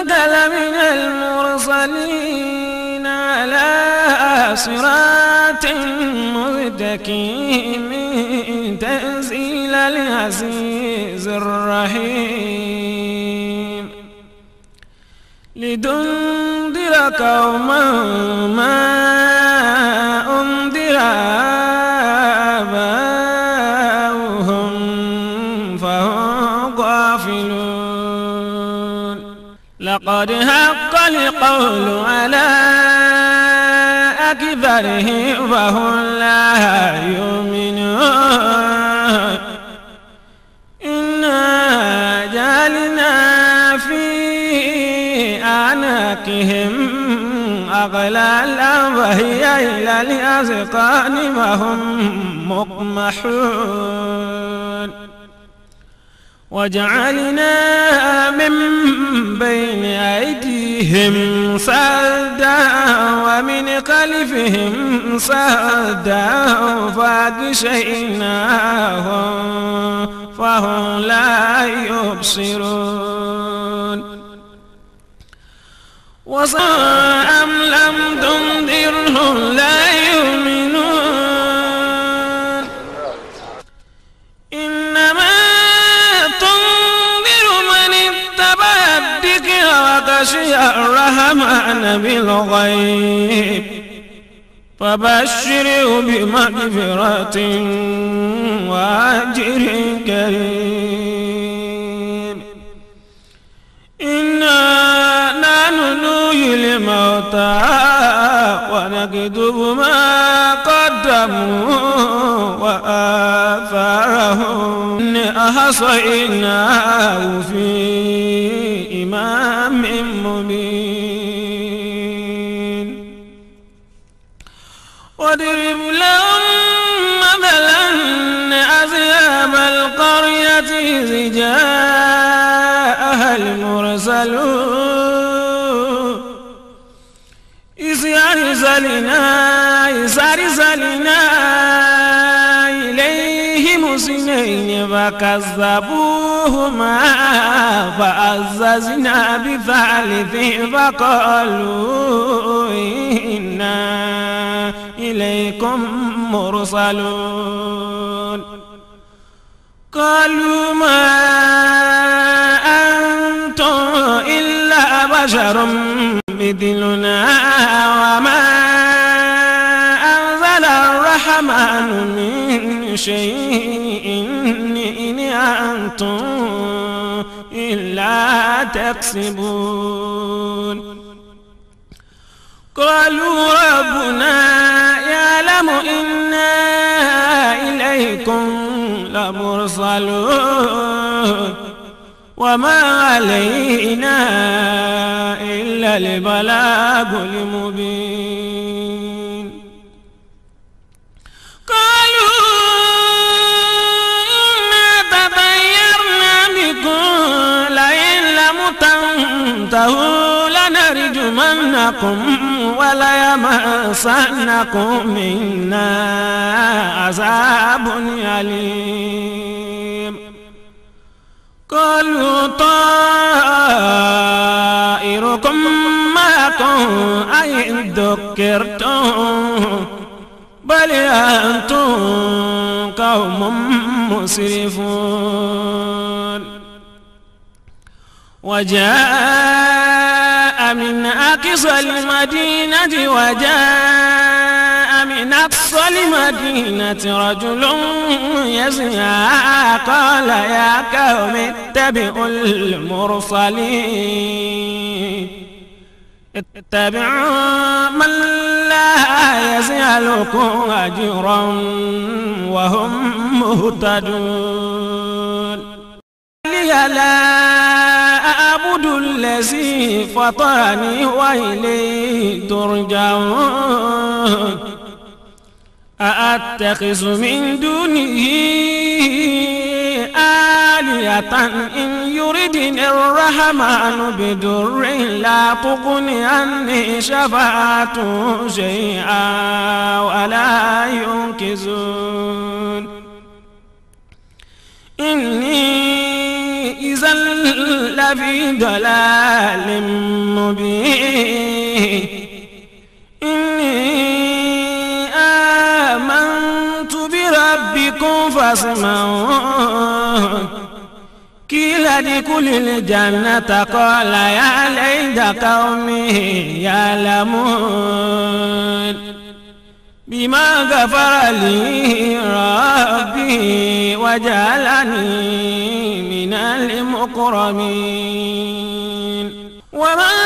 إنك لمن المرسلين على صراط مستقيم تنزيل العزيز الرحيم لتنذر قوما ما أنذر قد حق القول على أكبره وهم لا يؤمنون إنا جعلنا في أعناقهم أغلالا وهي إلى الأذقان وهم مقمحون وجعلنا من بين أيديهم صدا ومن خلفهم صدا فاغشيناهم فهم لا يبصرون وصاء أم لم تنذرهم لا يبصرون خشي الرحمن بالغيب فبشره بمغفرة وأجر كريم إنا نحن نحيي الموتى ونكتب ما قدموا وآثارهم إن أحصيناه في إمام واضرب لهم مثلا أصحاب القرية إذ جاءها المرسلون إذ يرسلنا إذ يرسلنا المرسلين فكذبوهما فعززنا بثالث فقالوا إنا إليكم مرسلون قالوا ما أنتم إلا بشر مثلنا وما أنزل الرحمن من شيء إلا تكسبون قالوا ربنا يعلم إنا إليكم لمرسلون وما علينا إلا البلاغ المبين له لنرجمنكم يمسنكم منا عذاب أليم قالوا طائركم معكم أئن ذكرتم بل أنتم قوم مسرفون وجاء من أقصى المدينة وجاء من أقصى المدينة رجل يزعى قال يا قوم اتبعوا المرسلين اتبعوا من لا يسألكم أجرا وهم مهتدون الذي فطاني وإليه ترجعون أأتخذ من دونه آلية إن يردني الرحمن بدر لا تغن عني شفاعة شيئا ولا ينكزون إني إذا لفي ضلال مبين إني آمنت بربكم فاسمعون قيل لكل الجنة قال يا ليت قومي يعلمون بما غفر لي ربي وجعلني من المقرمين وما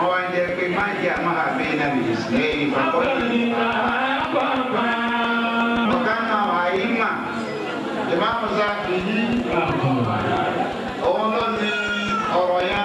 wọ́n wá jẹ́ pé má jẹ́ àmọ́ àbí nàbì ìsìlẹ́yìn fọ́kọ́. ọ̀gá náà wà á yí mà ìmáàmù Ṣáfi'í òun ló ní ọ̀rọ̀ yá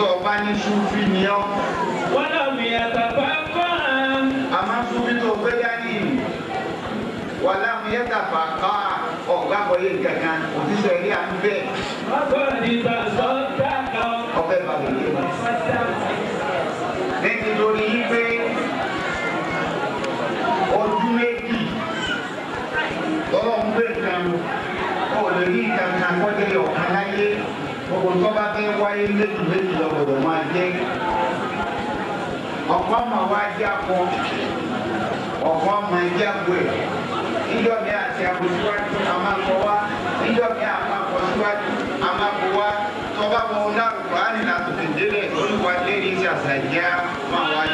tó o bá ní sufi ni ọ. wọ́n lọ mi àtàkọ́ kọ́ ọ́n. àmọ́ sufi tó o gbé dání wàlámù yẹ́tàfà kọ́ ọ̀gbàgbọ́ yé gàgán òtísẹ́ rí à ń bẹ́ẹ̀. gbogbo tọ́ba tẹ́ wáyé méjì méjì lọ́gbọ̀dọ̀ máa jẹ́ ọ̀pọ̀ ọmọ wa jẹ́ akọ ọ̀pọ̀ ọmọ ẹ̀jẹ̀ àpò ẹ̀ ìjọ mi àti àpò síwájú àmàkọ wa ìjọ mi àmàkọ síwájú àmàkọ wa tọ́ba mọ náà rúbáàlì náà tó ti délẹ̀ olùwádìí ní ìṣàṣàjẹ́ máa wáyé.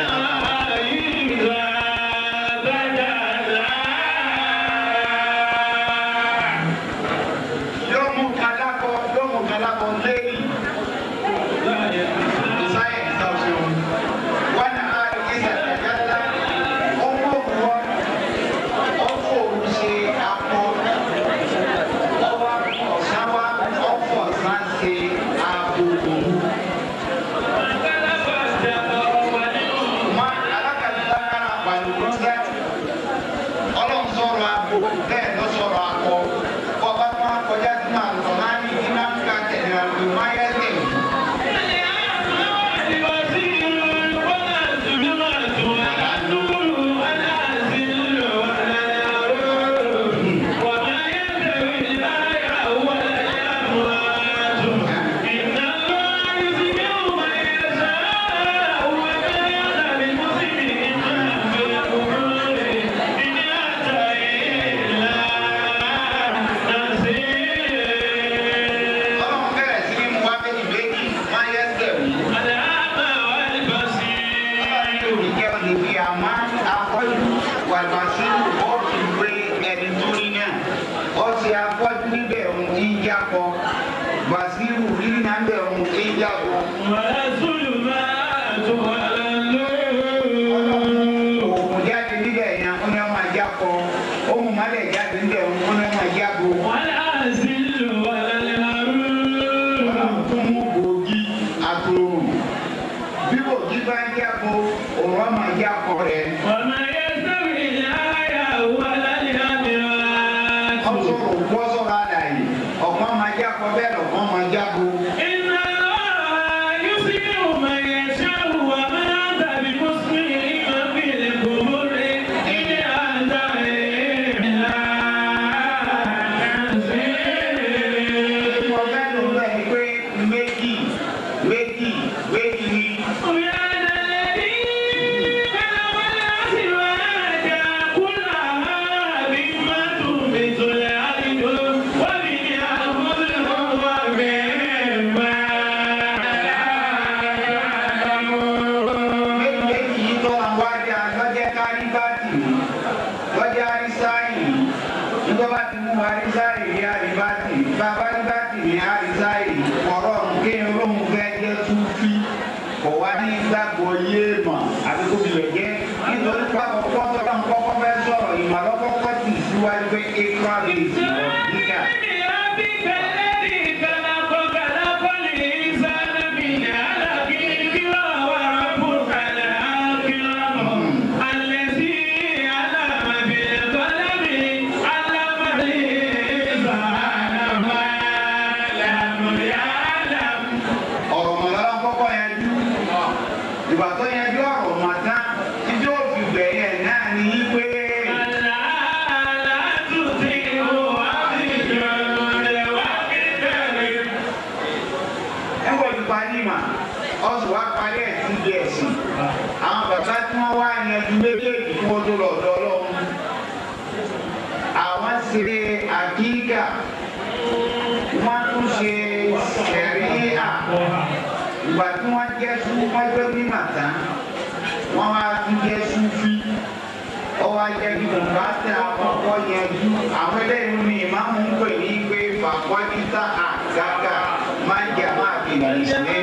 me.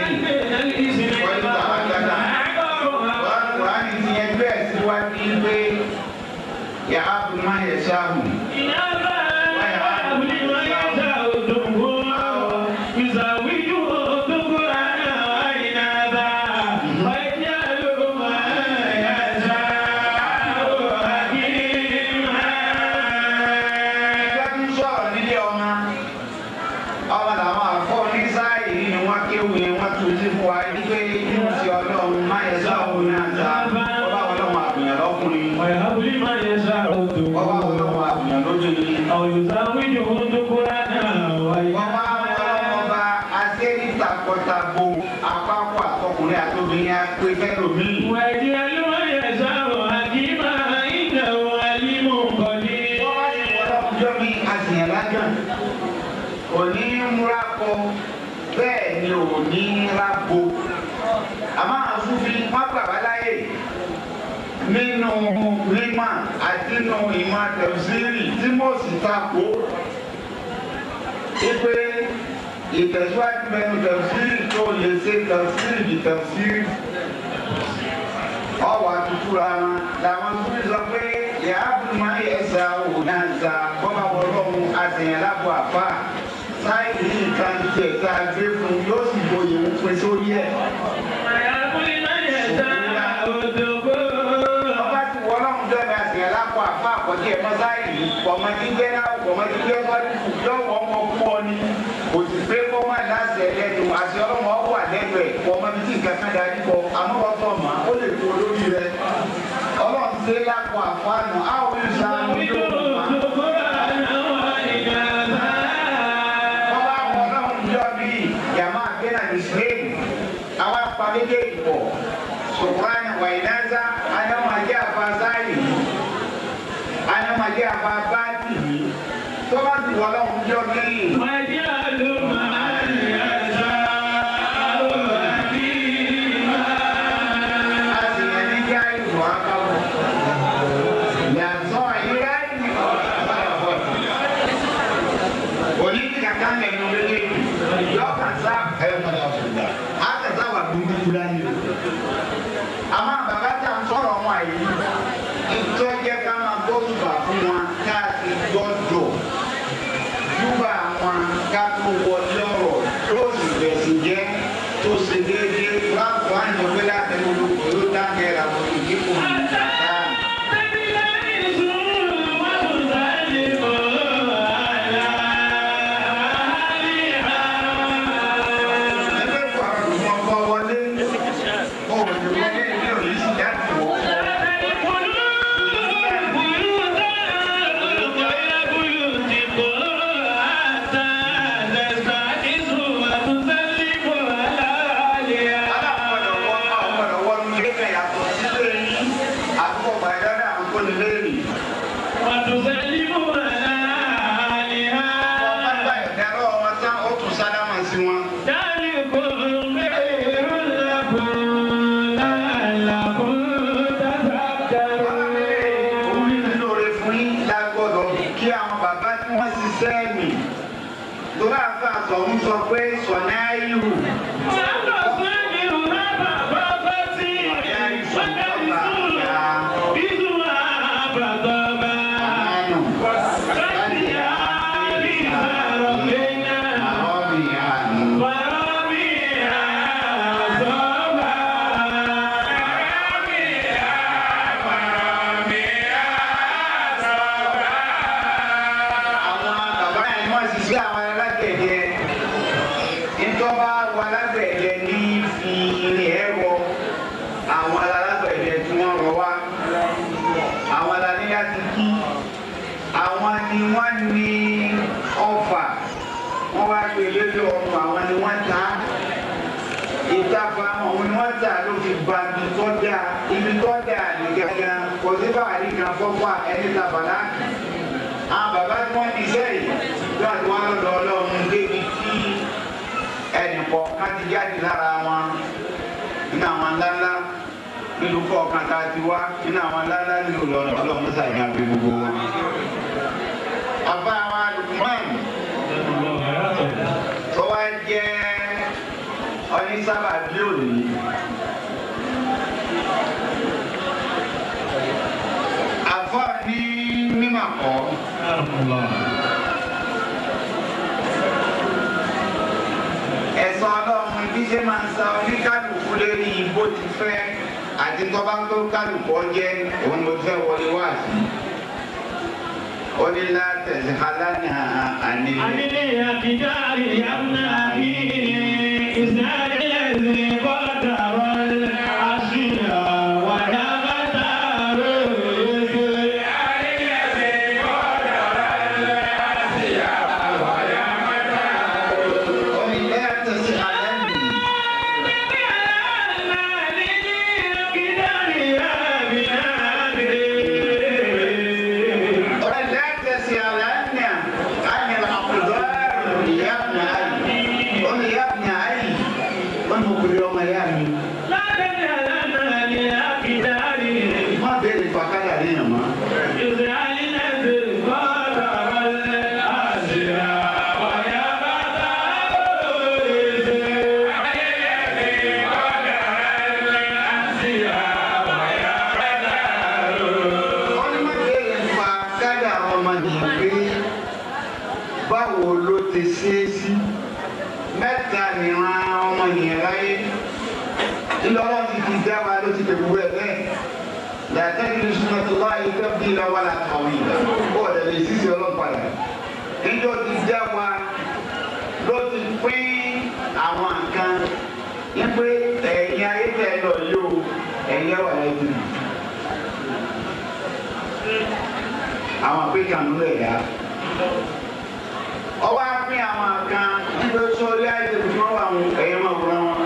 nínú mímọ̀ àti nínú ìmọ̀ tẹ̀síìrì tí mo sì takò ipe ìtẹ̀síwájú mẹ́nu tẹ̀síìrì tó lè ṣe tẹ̀síìrì di tẹ̀síìrì ọwọ́ àtútúra làwọn tó ń sọ pé ìyá àbùmá ẹ̀sà òun náà ń sa bọ́bá wọlọ́run àtẹ̀yìn aláàbọ̀ àfà sáyẹ̀dì ìtàn tiẹ̀ tá a gbé fún yóò sì gboyè ń pín sórí ẹ̀. kí ẹ mọ́tà yìí kọ̀mọ́ ti gbé náà kọ̀mọ́ ti gbé bọ́ọ̀lù yóò wọ́n mọ́ kú ọ ni kò sì pé kó má láti ẹ̀ lẹ́nu àti ọlọ́mọ ọ wà lẹ́nu ẹ̀ kọ̀mọ́ ti ti nǹkan kan darí kọ àmọ́ wọ́n tọ̀ mà ó lè tó olórí rẹ ọlọ́run ṣe lápò àfọ àná àwọn olùṣà jáde lára wọn nínú àwọn ńláńlá nínú kọ̀ọ̀kan tá a ti wá nínú àwọn ńláńlá nínú Ìlọrin ọlọ́run sàì ní abẹ́ gbogbo wọn. bàbá wa Lukman tó wá jẹ́ onísábàbí òní. àfọ̀ ní mímọ̀ ṣe máa ń sa oníkálukú lérí bó ti fẹ́ àti tó tó kálukú ọjẹ́ òun ló fẹ́ wọlé wá sí ó ní látẹ̀sí aláǹdà ànílé. ànílé àbídá náà ní ìsáré ẹ̀sìn bọ́dà. nínú ẹ̀dá. ọba pín àwọn kan nígbà sọ́ọ́rí àìsàn tí wọ́n wà wọn ẹ̀yẹ́ máa wúra wọn.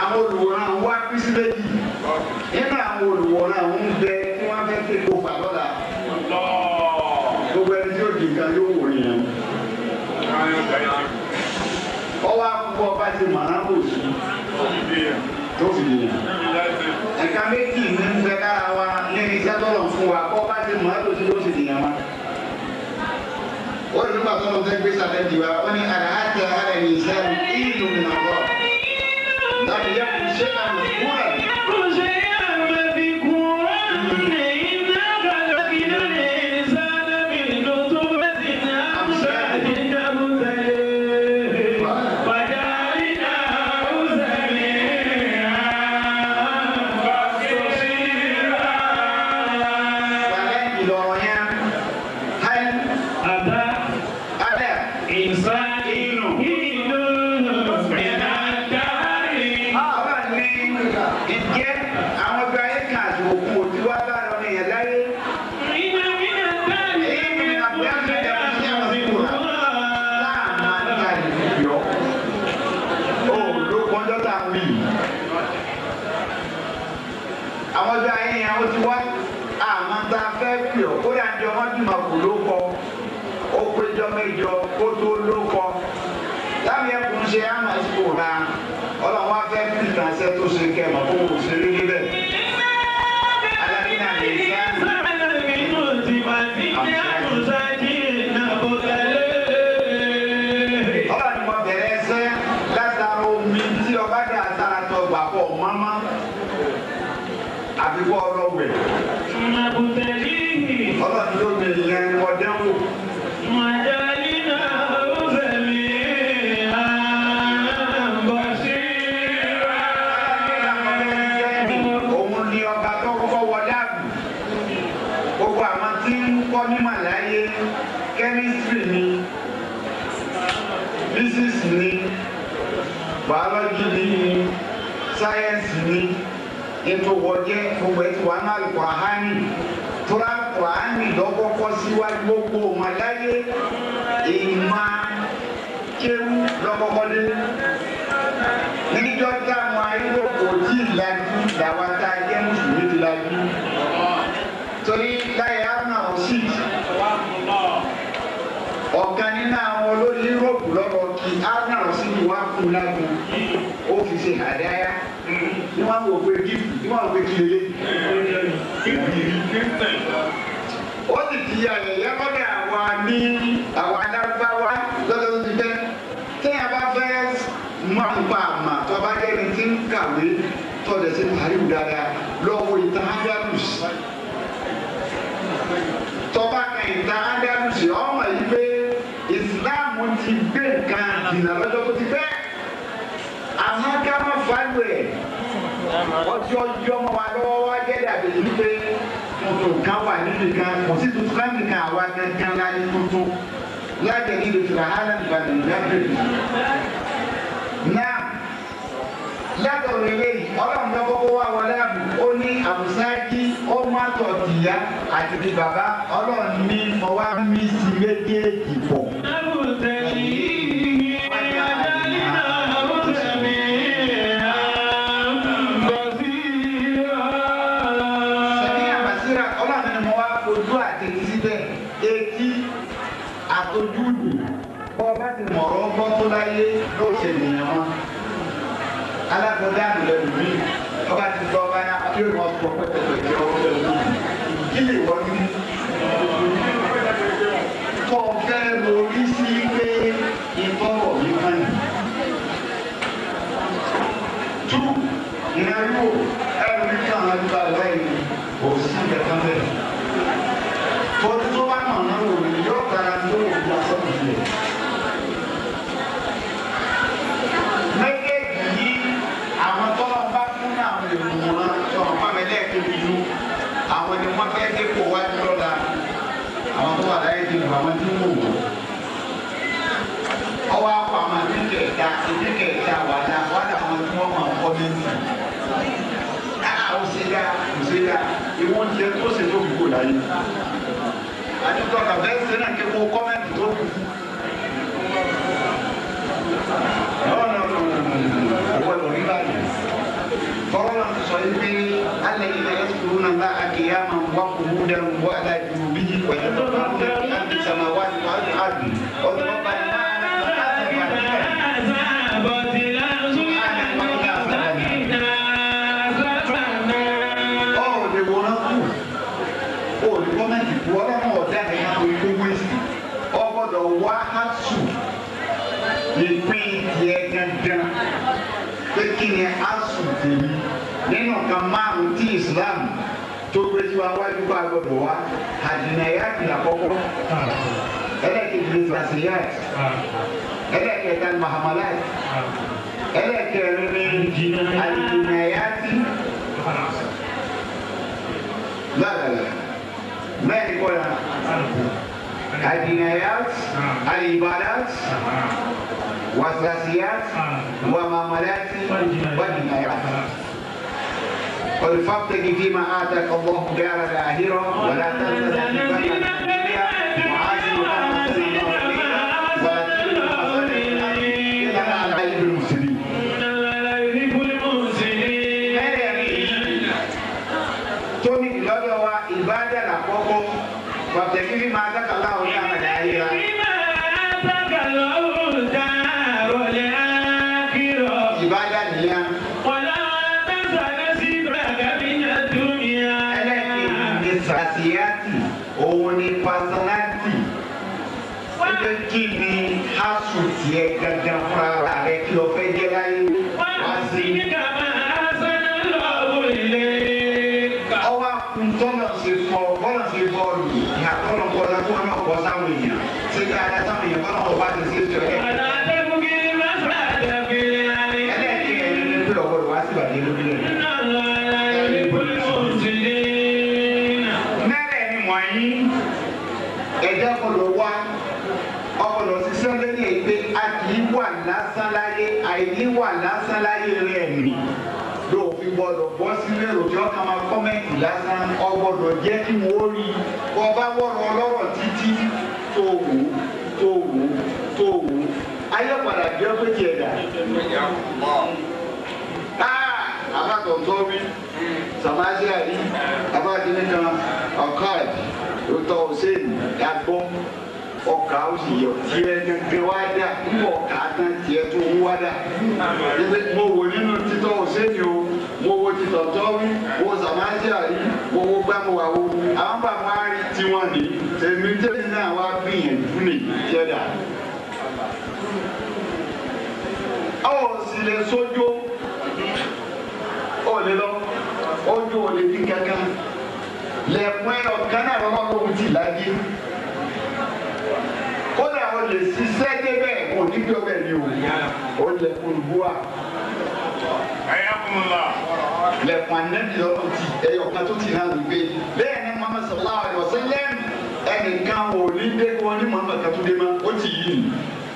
àwọn olùwòran wá pín sí méjì nínú àwọn olùwòran ń bẹ tí wọ́n fẹ́ pé kó fà lọ́la. gbogbo ẹni tí yóò di nǹkan yóò wò nìyẹn. ọwọ́ àkùkọ ọba ti mọ̀ kò sí. tó fi yẹn. fún wa kọ́ bá ti mọ̀ ẹ́ tó ti ló sì dìyàn ma. ó lè nígbà tó ń fẹ́ gbé sàlẹ̀ jù wa ó ní àlàáfíà alẹ́ ní ìṣẹ́ ìlú nìyàwó. ọ̀kan nínú àwọn olórí rògbò lọ́wọ́ kí arnold sì wá kú lágùn ó fi ṣe àdáyà ní wọn kò pé kí ní wọn kò pé kí lélẹ̀. ó sì ti yàrá lẹ́kọ̀ọ́dà àwa ní àwa adágbáwá lọ́dọ̀ tó ti jẹ́ tí a bá fẹ́ máa ń pa àmà tó a bá jẹ́ ẹni tí ń kàwé tọ́jà sí tàríwù dáadáa lọ́wọ́ ìtàn ádámùs tọ́ba kan ìtàn ádámùs. rẹ̀ ọjọ́ ọjọ́ mọ́ wa lọ́wọ́ wá jẹ́ dàbí wípé tuntun kan wà níbi kan kò sí tuntun kan nìkan àwa kankan la tuntun láti ẹni lè fura hàn ní ìbàdàn ìdájọ́ náà látọ̀rọ̀ ilé ọlọ́run tó kọ́kọ́ wá wọlé àbù ó ní àbùsáàkì ó má tọ̀ tìyá àti bàbá ọlọ́run ní mọ̀ wá sí méjèèjì pọ̀. Qual foi a pergunta? Aliutoka vesi tena ngekuwa comment tu. Naona uwepo ribani. Korona sasa hivi hali ile yetu tunaona akiama mwako muda mwaka ìpín tiẹ̀ gangan pé kí ni asùn nínú nǹkan márùn Islam tó gbé tí wàá wájú bá gbọdọ̀ wá àdìnàyà ti àkọ́kọ́ ẹlẹ́kẹ̀kẹ́ ní fàṣẹyà ẹlẹ́kẹ̀kẹ́ ní mahamala ẹlẹ́kẹ̀kẹ́ ní àdìnàyà ti lálàlà mẹ́rin kọ́ra àdìnàyà àlìbàdà. والثلاثيات آه. وجنايات قل والفقد فيما آتاك الله دار الآخرة ولا تنسى gbọ́dọ̀ bọ́ sílé ròjọ́ kan máa kọ́mẹ́ǹtì lásán ọ gbọ́dọ̀ jẹ́ kí wọ́n rí kọ́ bá wọ́rọ̀ ọlọ́rọ̀ títí tó wù ú tó wù ú tó wù ú ayé padà jẹ́ pé tiẹ̀ dà. Ah! àbá tọ̀tọ̀ mi sàmáṣí àrí àbá kìíní kan ọ̀káàdì lótọ́ hussein dàgbọ́ ọkà ó sì yọ tiẹ̀ gẹ́gẹ́ wá dà ń bọ̀ ọ̀kà tán tiẹ̀ tó wá dà. mo wò nínú títọ́ hussein o mo wo ti tọ̀tọ̀ rí wo sàmájà rí mo wo gbàmùwà wo àwọn bàbá rí tiwọn ní tèmi tèmi náà wá gbìyànjú ní ìjẹ́dà. a ò sì lè sójú ó lè lọ ojú ò lè dín kankan lẹ́ẹ̀pẹ́ ọ̀kan náà lọ́wọ́ lóhùn ti láyé ṣiṣẹ́ débẹ̀ kò ní bí ọbẹ̀ ni o ó lẹ̀kùn olùbúwa. ẹ̀yà kùn la. lẹ̀kùn anẹ́bí lọ́wọ́ ti ẹ̀yọ̀ kan tó ti hàn wípé bẹ́ẹ̀ ni Muhammad sallallahu alaihi wasallam ẹnìkan ò ní dé wọn ní Muhammad kan tó dé mọ́ ó ti yí ni.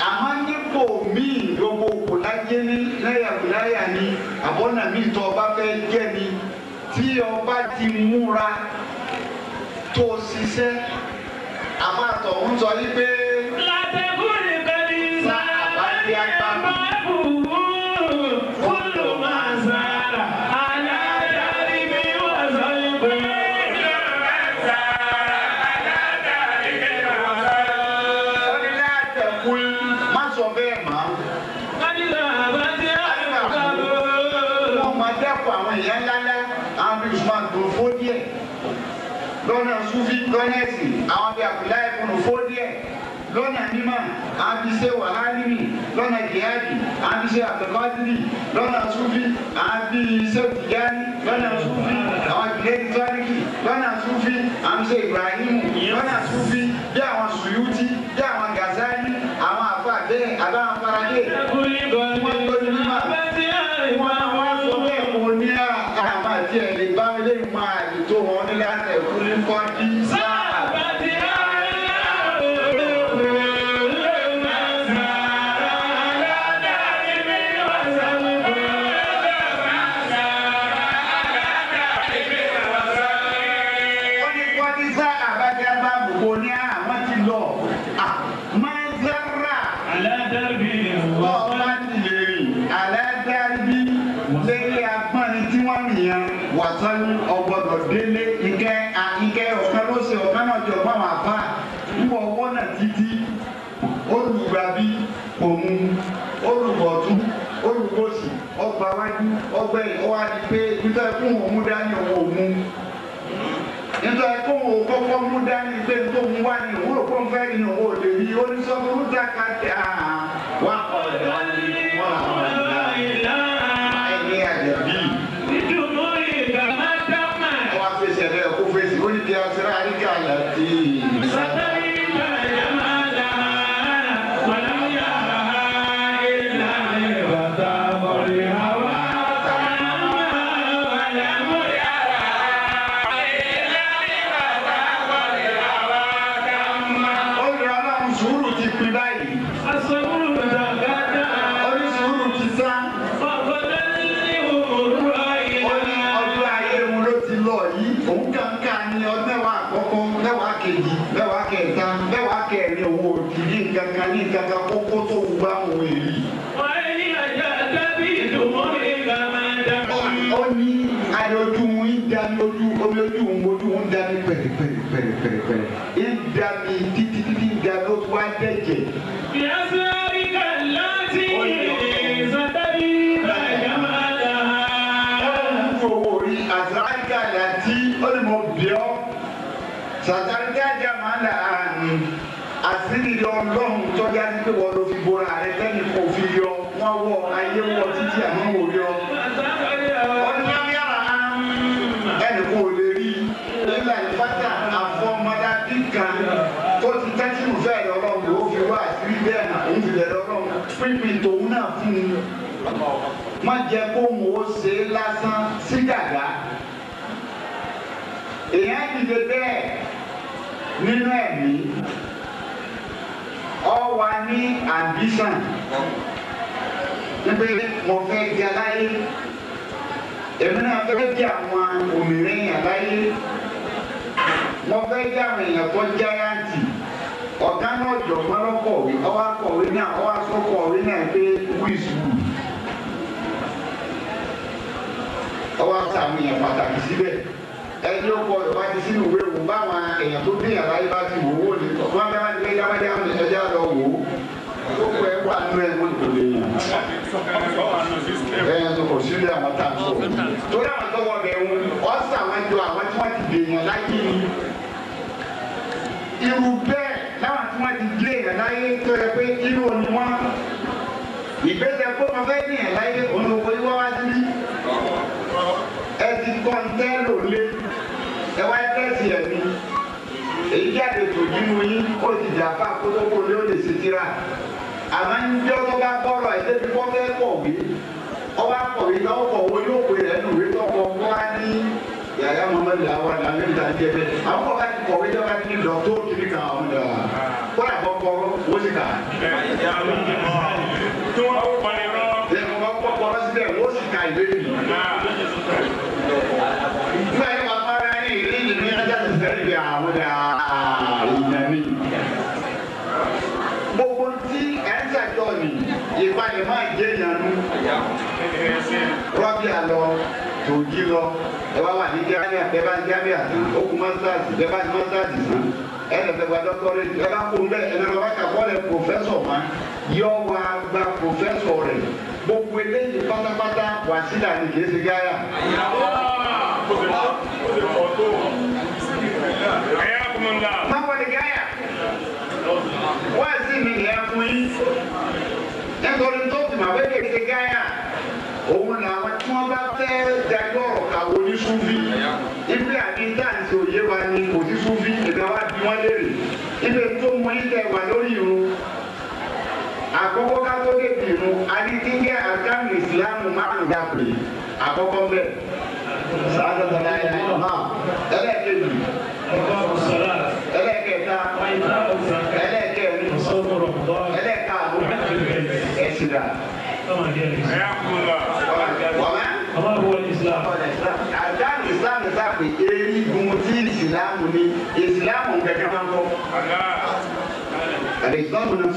àmọ́ nípò míì gbogbo kò láyé ní láyàwùláyà ni àbọ̀nà míì tó ọba fẹ́ jẹ́ ni tí ọba ti múra tó ṣiṣẹ́ àbátọ̀ ń sọ yí pé. ṣe wàhálìrì lọ́nà jihadi à ń ṣe àtẹ̀kọ́sírì lọ́nà sufi à ń bí iṣẹ́ tìjáni lọ́nà sufi àwọn ìdílé tọ́lìkì lọ́nà sufi à ń ṣe ibrahim lọ́nà sufi bí àwọn sùyúti bí Pérez, má jẹ́ kó ń wo ṣe é lásán sí gàgá èèyàn dìde bẹ́ẹ̀ nínú ẹ̀mí ọ wà ní ambition níbi mo fẹ́ di aláyé èmi náà fẹ́ di àwọn òmìnirin aláyé mo fẹ́ di àwọn èèyàn tó jáyàntì ọ̀gá náà jọ̀gbọ́n lọ́kọ̀wé ọwọ́ akọ̀wé náà ọwọ́ asọ́kọ̀wé náà pé wíìsì wù. ọwọ́ àti àwọn èèyàn pàtàkì síbẹ̀ ẹni ó kọ ìwà ti sínú ìwé òun báwọn èèyàn tó bí ìyàrá yìí bá ti wò ó ní wọn bẹ wọn ní pé dáwọdé àwọn ìṣẹjá lọ wò ó ó pẹ wà nú ẹ mọ ìkò lè yàn. ẹyẹ tó kọ sílẹ̀ àwọn tá a sọ torí àwọn tó wọ bẹ wọn ọsàn àwọn jọ àwọn tí wọn ti dè yàn láyé ni irú bẹ́ẹ̀ láwọn tí wọn ti dè yàn láyé tó yẹ pé irú ni wọn ìgbésẹ̀ kó wọn fẹ́ yàn láyé òun ló wọ iwáwá sí máa ń tẹ́ lò lé ẹ wá tẹ́sí ẹ̀ ní èyí jáde tó bínú yín ó ti jà fún akótópó ni ó lè ṣe tíra àmọ́ ń jọ́ tó bá gbọ́rọ̀ ẹ̀ débi kọ́ fẹ́ kọ̀wé ọba kọ̀wé náà ó kọ̀wé yóò pè rẹ̀ nù wí tọ́kọ̀ wá ní yàrá mọ́mọ́dé àwọn àgbà mẹ́ta jẹ́ bẹ́ẹ̀ àwọn kọ̀wé kọ̀wé jọba ti lọ tó kiri yí lọ ẹ wá wà ní gírámíà bẹ́ẹ̀ bá ní gírámíà okùn mọ́sáàsì bẹ́ẹ̀ bá ní mọ́sáàsì sàn ẹ lọ́tẹ̀ gba dọ́kítọ́rẹ́ ẹ bá kó lẹ́ ẹ lọ́tẹ̀ wá kàkọ́ rẹ̀ pòfẹ́sọ̀ ma yọ wá gba pòfẹ́sọ̀ rẹ̀ gbogbo eléyìí pátápátá wà sílà ní kìí ṣe gáyà. máwo ni gáyà wá sí mi ìyá fún yín ẹ kọ́ ni tó ti mà wẹ́ẹ́kẹ́ ṣe gáyà òun làwọn tí wọ́n bá fẹ́ dájọ́ àwọn oníṣúfì ibi àdíntáǹtì òye wa ni kò sí súfì ìgbà wa bí wọ́n léèrè ibi tó mú ilẹ̀ wà lórí irun àkọ́kọ́ ká tó dé bí irun adídíyẹ àdámù ìsìlámù márùn dàpè àkọ́kọ́ bẹ́ẹ̀ sáà tó tẹ̀lé ayé náà ẹlẹ́ẹ̀kejì.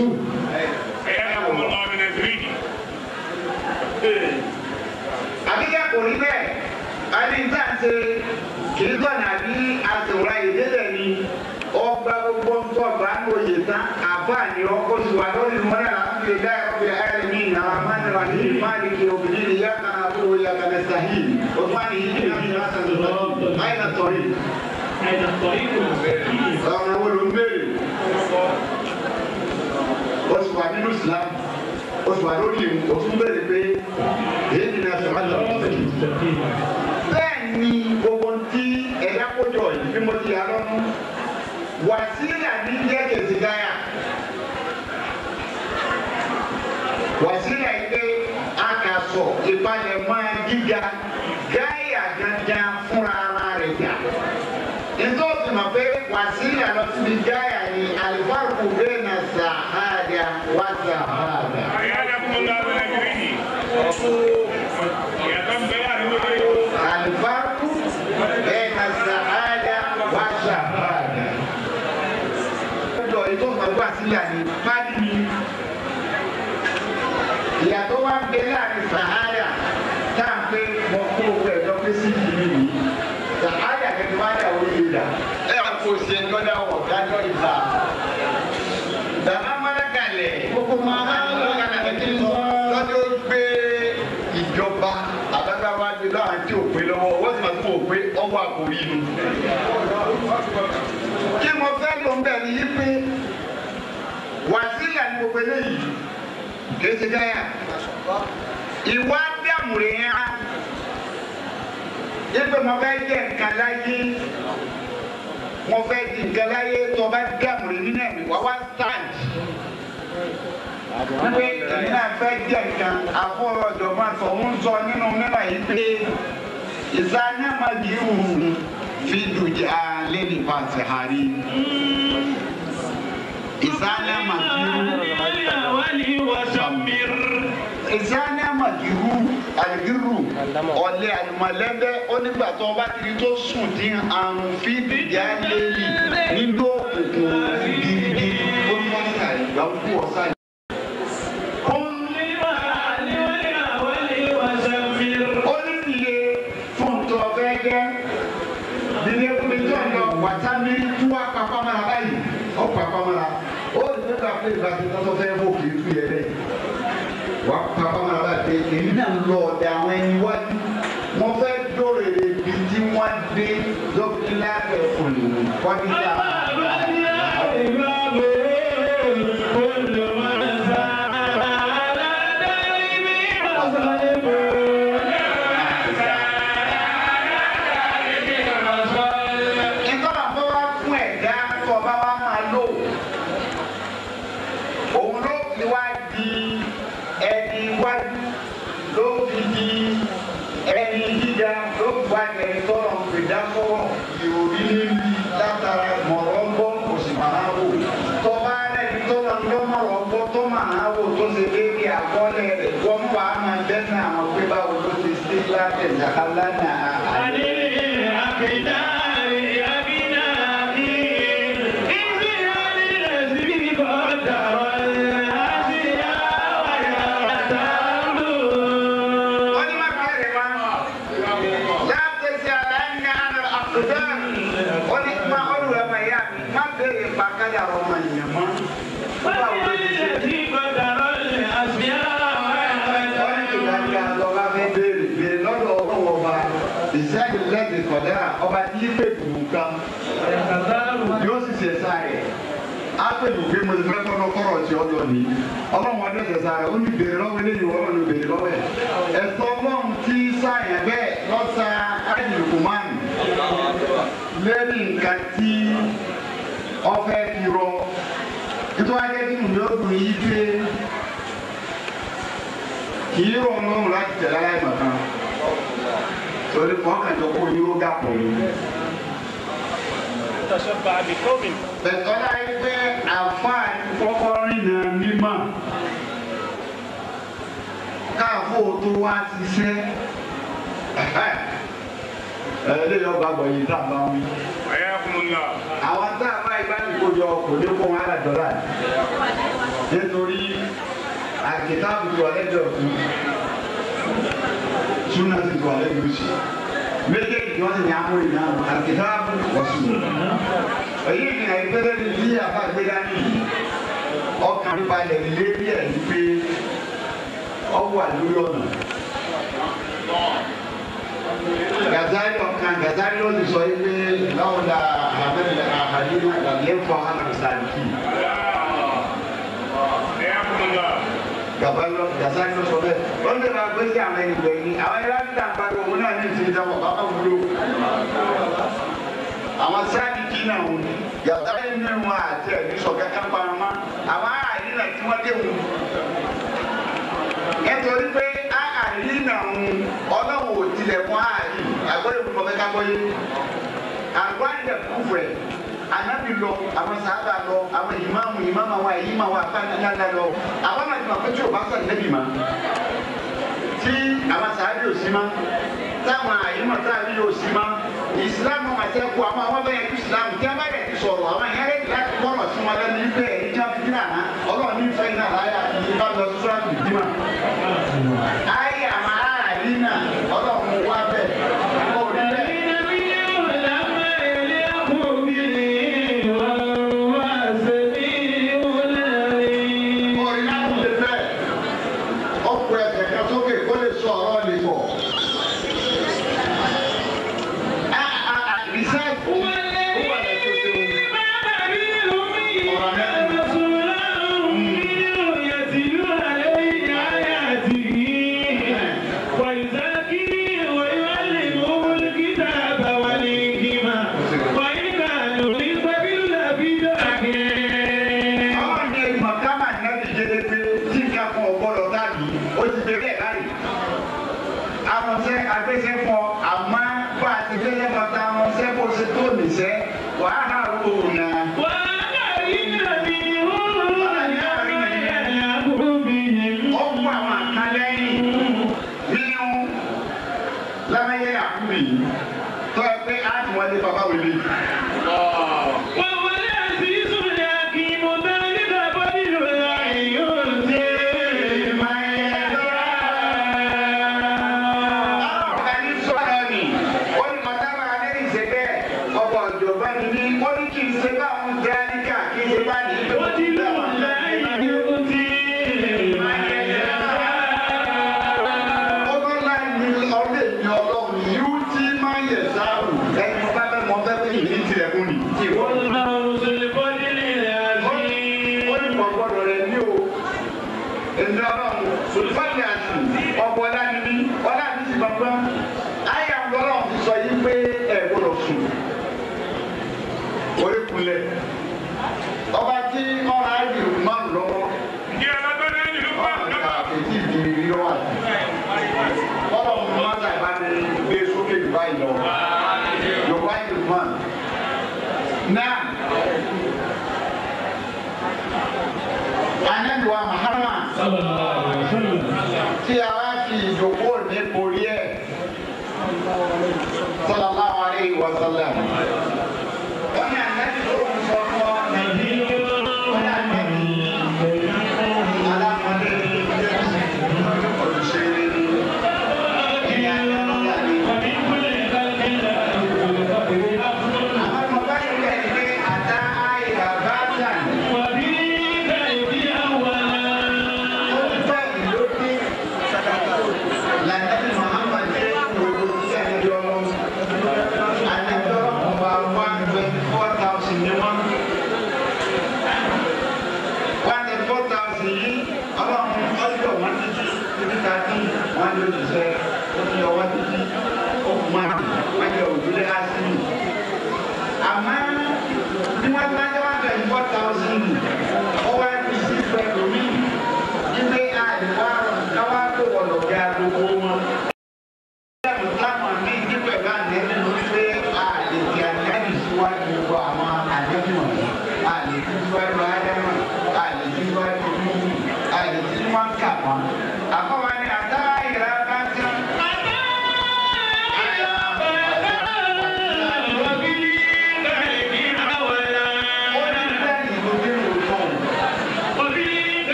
do. Ẹ̀ẹ́dàgbọ̀n ọ̀rọ̀ ní bíríìdì. Àbíkẹ́ kò rí bẹ́ẹ̀, ẹni tá à ń ṣe kì í gbọ̀nà bí àtòrá ìdílé ni ọgbà gbogbo ń tọ́ bá ń lòye tán àbáàní ọkọ̀ ṣùgbọ́n lórí mọ́nà láti lè dá ẹ̀rọ bí ẹ̀rọ mi nà á má nà ní ìmáàlìkì òbí ni yá kan àbúrò yá kan ẹ̀sà yìí. Òtún yìí ni wọ́n ti rà sàdùnà. Àyè nà tọ̀rí. Àyè islam oṣù àlórí òfin de pé èyí ni a sọ̀rọ̀ àlọ́ bẹ́ẹ̀ ni gbogbo ti ẹ̀dá kójọ yìí bí mo ti yà lọ́nu wàsílà ní jẹ́ kèsì gáyà wàsílà yìí pé a kà sọ ìpalẹ̀mọ́ gíga gáyà gangan fúnra rẹ̀ jà nítorí mà pé wàsílà lọ síbi gáyà. Thank you. kí mo fẹ́ ló ń bẹ̀ ní yí pé wàsílà ni gbogbo eléyìí kì í ti gẹ́yà ìwà dàmú rẹ̀ yẹn á yí pé mo fẹ́ jẹ́ nǹkan láyé mo fẹ́ di nǹkan láyé tó bá dàmú rẹ̀ nínú ẹ̀mí wá wá stand pé èmi náà fẹ́ jẹ́ nǹkan àfọwọ́ ọ̀jọ̀gbọ́n sọ̀hún sọ nínú mímọ̀ yìí pé ìsáná máa di ìwúrú fiduja leni fasihari isana makiru isana makiru alikiru ọlẹ alimọlẹbẹ onígbàtọ bá tiri tó sùn dín àrùn fiduja leni nígbà òkùnkùn Join me now. sọ̀rọ̀ tí ọjọ́ ni ọlọ́run adẹ́sẹ̀sà rẹ̀ ó ní bèrè lọ́wọ́ eléyìí ọlọ́run ló bèrè lọ́wọ́ ẹ̀ ẹ̀sọ́ ọlọ́run tí sáyẹn bẹ́ẹ̀ lọ́sà ayélujáfẹ́ lẹ́nu nǹkan tí ọfẹ́ fi rọ ètò ayélujáfẹ́ mi ó dùn yí pé kì í rọ̀ ọlọ́run láti tẹ̀lé aláìmọ̀ kan torí kọ́kànjọ́ kó yúró dàpọ̀ yìí tàṣọ́bà àbíkọ́mì. ọ̀la ẹgbẹ́ àfáà kọ́kọ́ rìnà mímọ́ káàfó tó wá ṣiṣẹ́ ẹlẹ́yìn ọba àgbọ̀yìn tá a bá wí. ẹ̀yà kùnú náà. àwọn tá a bá ibà ìkójọ kò ní kó wọn àdọ́là nítorí méjèèjì wọn ni àwọn èèyàn àkìtàbù wọ̀sùn èyí ni àìpẹ́rẹ́ ní bí àbágbéra ní ọkàn balẹ̀ lérí ẹ̀ wípé ọwọ́ àlórí ọ̀nà gazali ọkàn gazali ó ti sọ yìí pé láwọn la àbẹ̀rẹ̀ àhàlí gabalọ gasa ni sọ bẹ wọn tẹ ma gbé sí àwọn ẹni gbẹ yìí àwọn ẹlẹ́yà ti dàgbà lọ wọn náà ní ìsinmi dáwọ bàbá wúlò àwọn sáàbì kí náà wọn yàtọ̀ ẹni nínú wọn àti ẹni sọ kankan pàmò àwọn àyè náà tí wọn dé wọn. nítorí pé àyè náà wọn ọlọ́wọ́ ò tilẹ̀ wọn àyè àgbọ̀dọ̀ fún ọmọ ẹ̀ká bọ́yé àgbọ̀dọ̀ kúfẹ̀ẹ́ anabi lọ àwọn sábà lọ àwọn ìmáàmù ìmáàmù àwọn àyímọ̀ àwọn àfáàdánlá lọ àwọn àti màpé tí o bá sọ nẹ́bì mọ́ tí àwọn sábà yóò sí mọ́ táwọn àyímọ̀ sábà yóò sí mọ́ ìsìlámù àti ẹ̀kọ́ àwọn àwọn bẹ́ẹ̀ ní ìsìlámù tí a bá yẹ ti sọ̀rọ̀ àwọn ìyáre ti láti kọ́rọ̀ sí wọn lẹ́nu ife ẹ̀rí já fìdí ní ìfẹ́ náà láyà ìbá lọ sọ́ọ́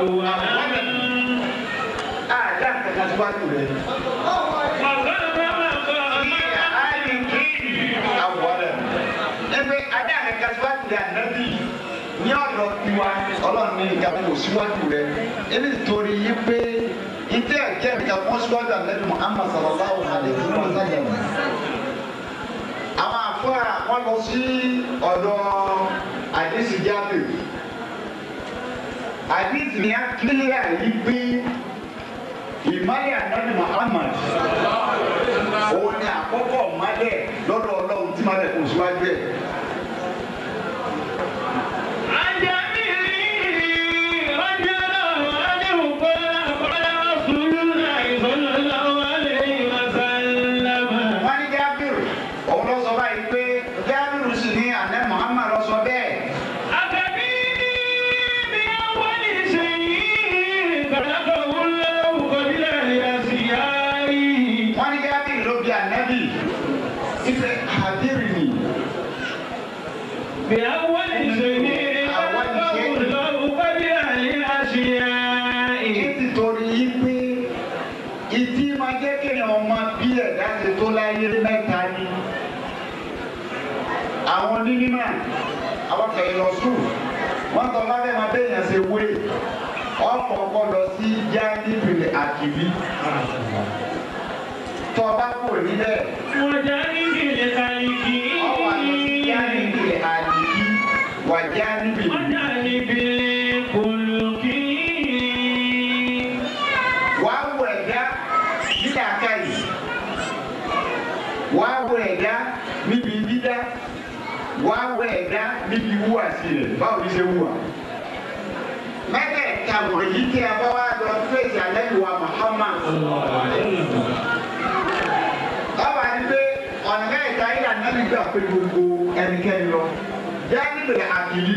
àwọ̀ àmì. àdá kankan tó bá tù rẹ. Ẹgbẹ́ adé àmì kasuwájú rẹ̀ ànábì ní ọ̀dọ̀ tiwa ọlọ́run ní ìjàpọ̀ kò síwájú rẹ̀ ẹni torí yí pé ìdí Muhammad sallallahu alayhi wa sallam àwọn àfọ́ àwọn lọ sí ọ̀dọ̀ àdéṣijáde àdìsí yẹn kílíà yìí pé ìmọ̀lẹ̀ ànábì Muhammad òun ni àkọ́kọ́ ọ̀mọ́lẹ̀ lọ́dọ̀ ọlọ́run tí mọ̀lẹ̀ kò síwájú ẹ̀. lọ sùn wọ́n tọ́ bá fẹ́ máa ṣe wé ọkọ̀ọ̀kọ̀ lọ sí jánípìlì àkìbí tọ́ kò ní bẹ́ẹ̀. mo jánípìlì kalẹ̀. tirẹ̀ báwo ni ṣe wù wá. mẹ́tẹ̀ẹ̀ta wọ̀nyí tí a bá wá lọ fèsì àlẹ́lùwà Muhammad. báwa ni pé ọ̀nà mẹ́ta yìí là nínú ìgbà pé gbogbo ẹnikẹ́ni lọ. jáde bèrè àkìlí.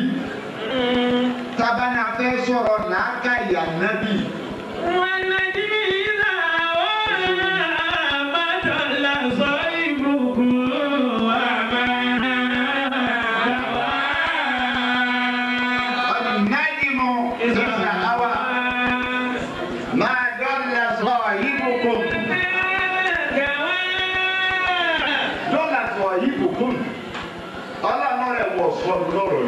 tabana fẹ́ sọ̀rọ̀ làákàyà nábì. wọn náà dí mi yìí.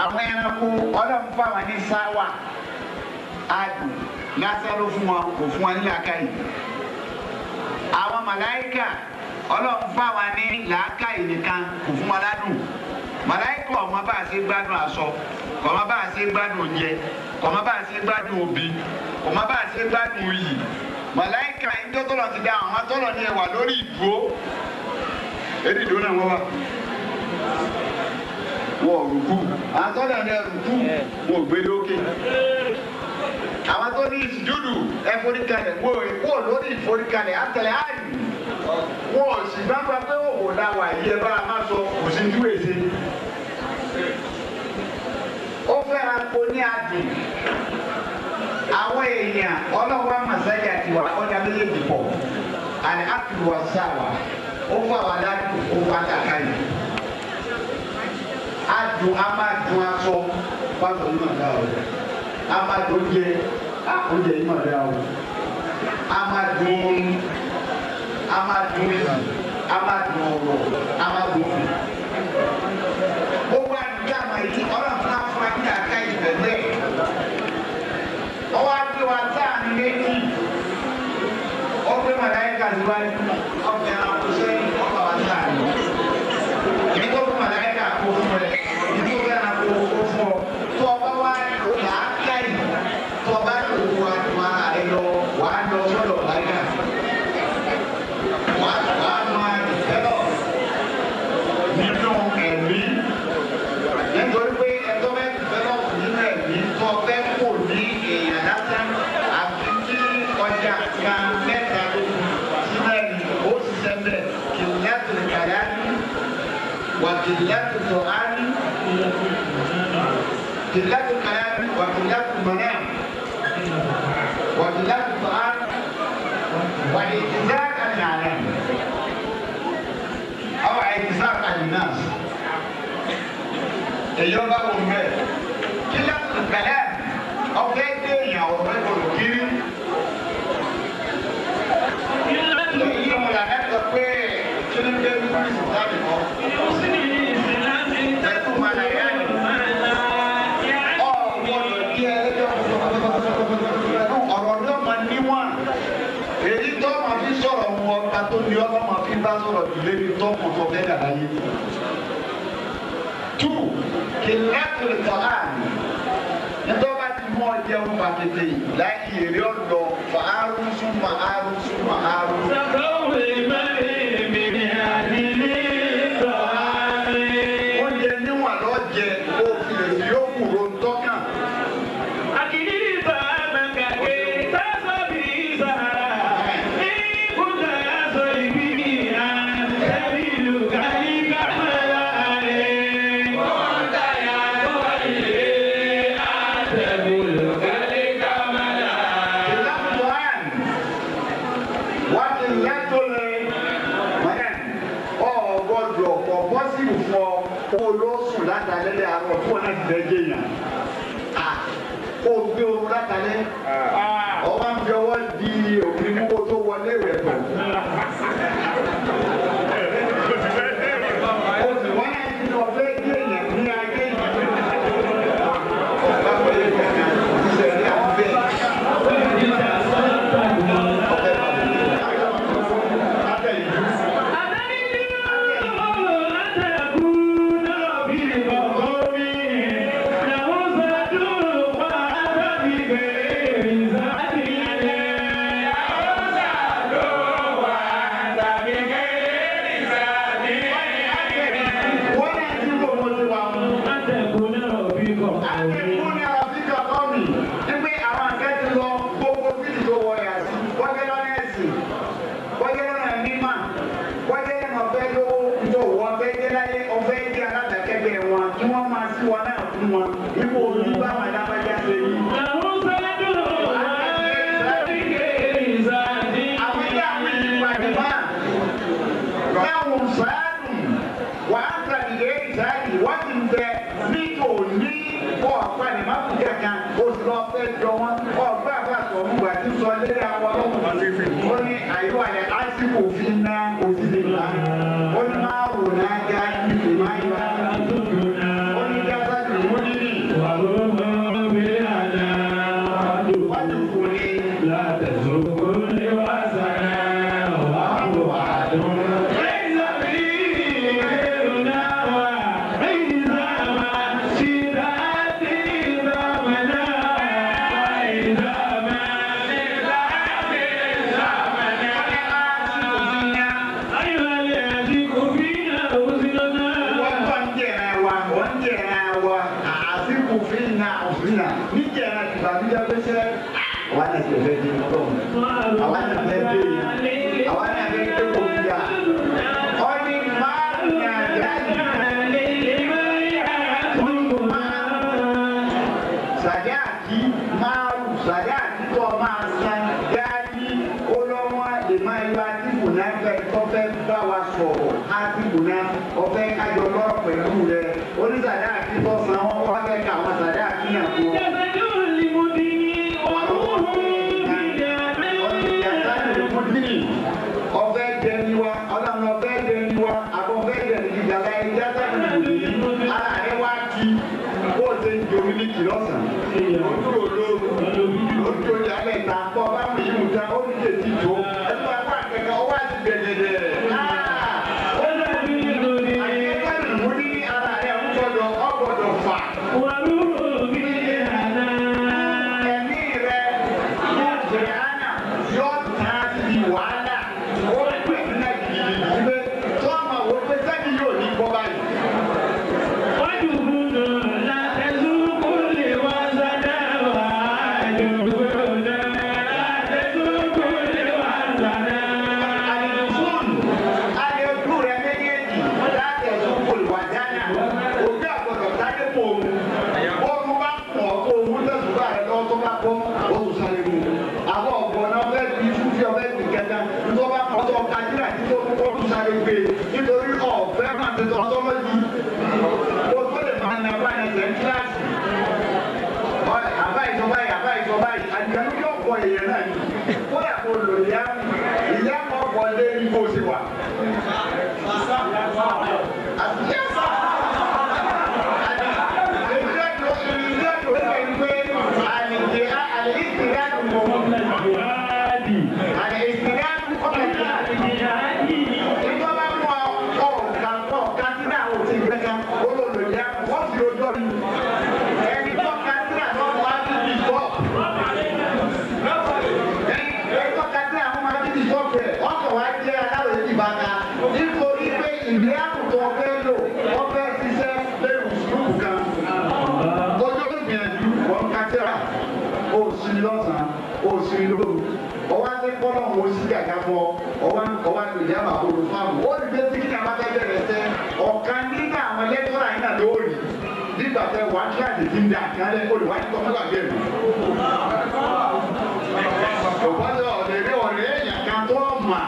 àwọn ẹranko ọlọ́run fún àwọn ní sáwà adùn lásán ló fún wọn kò fún wọn ní làákàyè àwọn màláìkà ọlọ́run fún àwọn ní làákàyè nìkan kò fún wọn ládùn màláìkà ọmọ bá a ṣe gbádùn aṣọ kọ̀mọ́ bá a ṣe gbádùn oúnjẹ kọ̀mọ́ bá a ṣe gbádùn obì kọ̀mọ́ bá a ṣe gbádùn oyì màláìkà ẹni tó lọ ti da àwọn tó lọ ní ẹwà lórí ìdúró èdè ìdúró náà wọ́n wà wọn ò rùkú àwọn tó dàdé rùkú wọn ò gbé lókè àwọn tó ní ìsìdúdù ẹ foríkalẹ̀ wọn ò kó lórí ìforíkalẹ̀ àtẹlẹ àyè wọn ò sì bá gba pé òwò làwà yìí ẹ bá a má sọ kò sí ju èsè ó fẹ́ra kó ní adùn àwọn èèyàn ọlọ́wọ́ àmàsájà ti wà ọjà méjèèjì pọ̀ àti àtúwọ̀ sáwà ó fà wà ládùúgbò ó fà kàkà adùn a máa dùn aṣọ pásọ yìí máa dá o a máa dùn oúnjẹ oúnjẹ yìí máa dá o a máa dùn oorun a máa dùn èyí a máa dùn ọ̀rọ̀ a máa dùn òfin. gbogbo àdúgbò àmọ̀ èyí ọlọ́run fún afúnra àká ìbẹ̀ ọwọ́ àti wa sáà méjì ó gbé màláyíkà Gracias. ادخلي لا تزوري nígbà tẹ wà á tíra ìdí ní àkàlẹ olùwádìí kọ́ mẹ́wàá gbé mi. ọ̀pọ̀lọpọ̀ ọ̀dẹ̀ ní ọ̀rẹ́ ẹ̀yà kan tó ọ̀ mà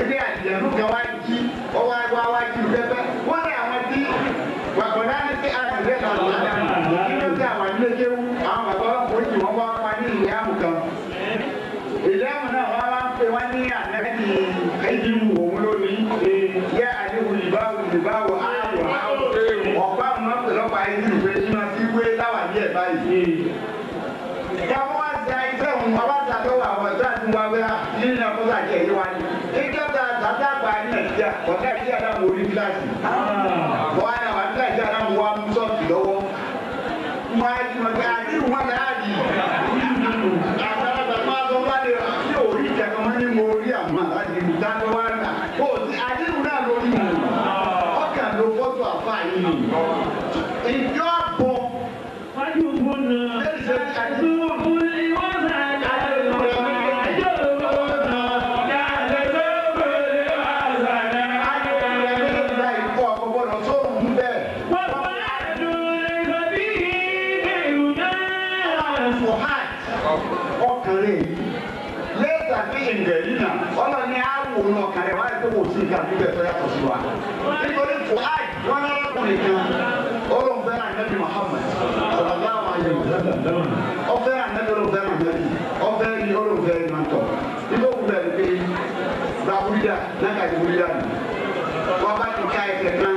ebi àjẹ̀nú kan wáyé. wàláhì tí ara mo rí gíláàsì wọ́n á wà nígbà tí ara mo wá mú sọ́ọ̀tì lọ́wọ́ wọ́n á ti mọ̀ pé àdéhùn wọn náà yìí àgbàlagbà máa lọ bá lè ṣé orí ìjà máa ní mo rí àwọn àlájì mi dáná wá rà ó àdéhùn náà lórí mi ah. ọkàn ló fọ́tò àfáà yìí ìjọ pé wọn ò sí nǹkan níbẹ̀ tó yàtọ̀ sí wa. nítorí kò áì wọn lára kò lè kan ọlọ́run fẹ́ràn ànábì Muhammad sọ̀rọ̀dá àwọn ayé ọ̀fẹ́ ànábì ọlọ́run fẹ́ràn ànábì ọ̀fẹ́ ni ọlọ́run fẹ́ràn nàntọ̀ ibò kú bẹ̀rẹ̀ pé gbàgbúdà náà kàdé gbúdà wà bá ti ká ẹ̀kẹ́ kan.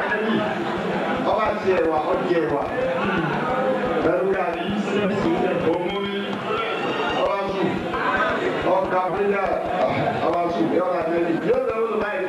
odjęła, odjęła. Berugani, Omuli, Awasu, Okapina, Awasu, Yona Deli, Yona Deli,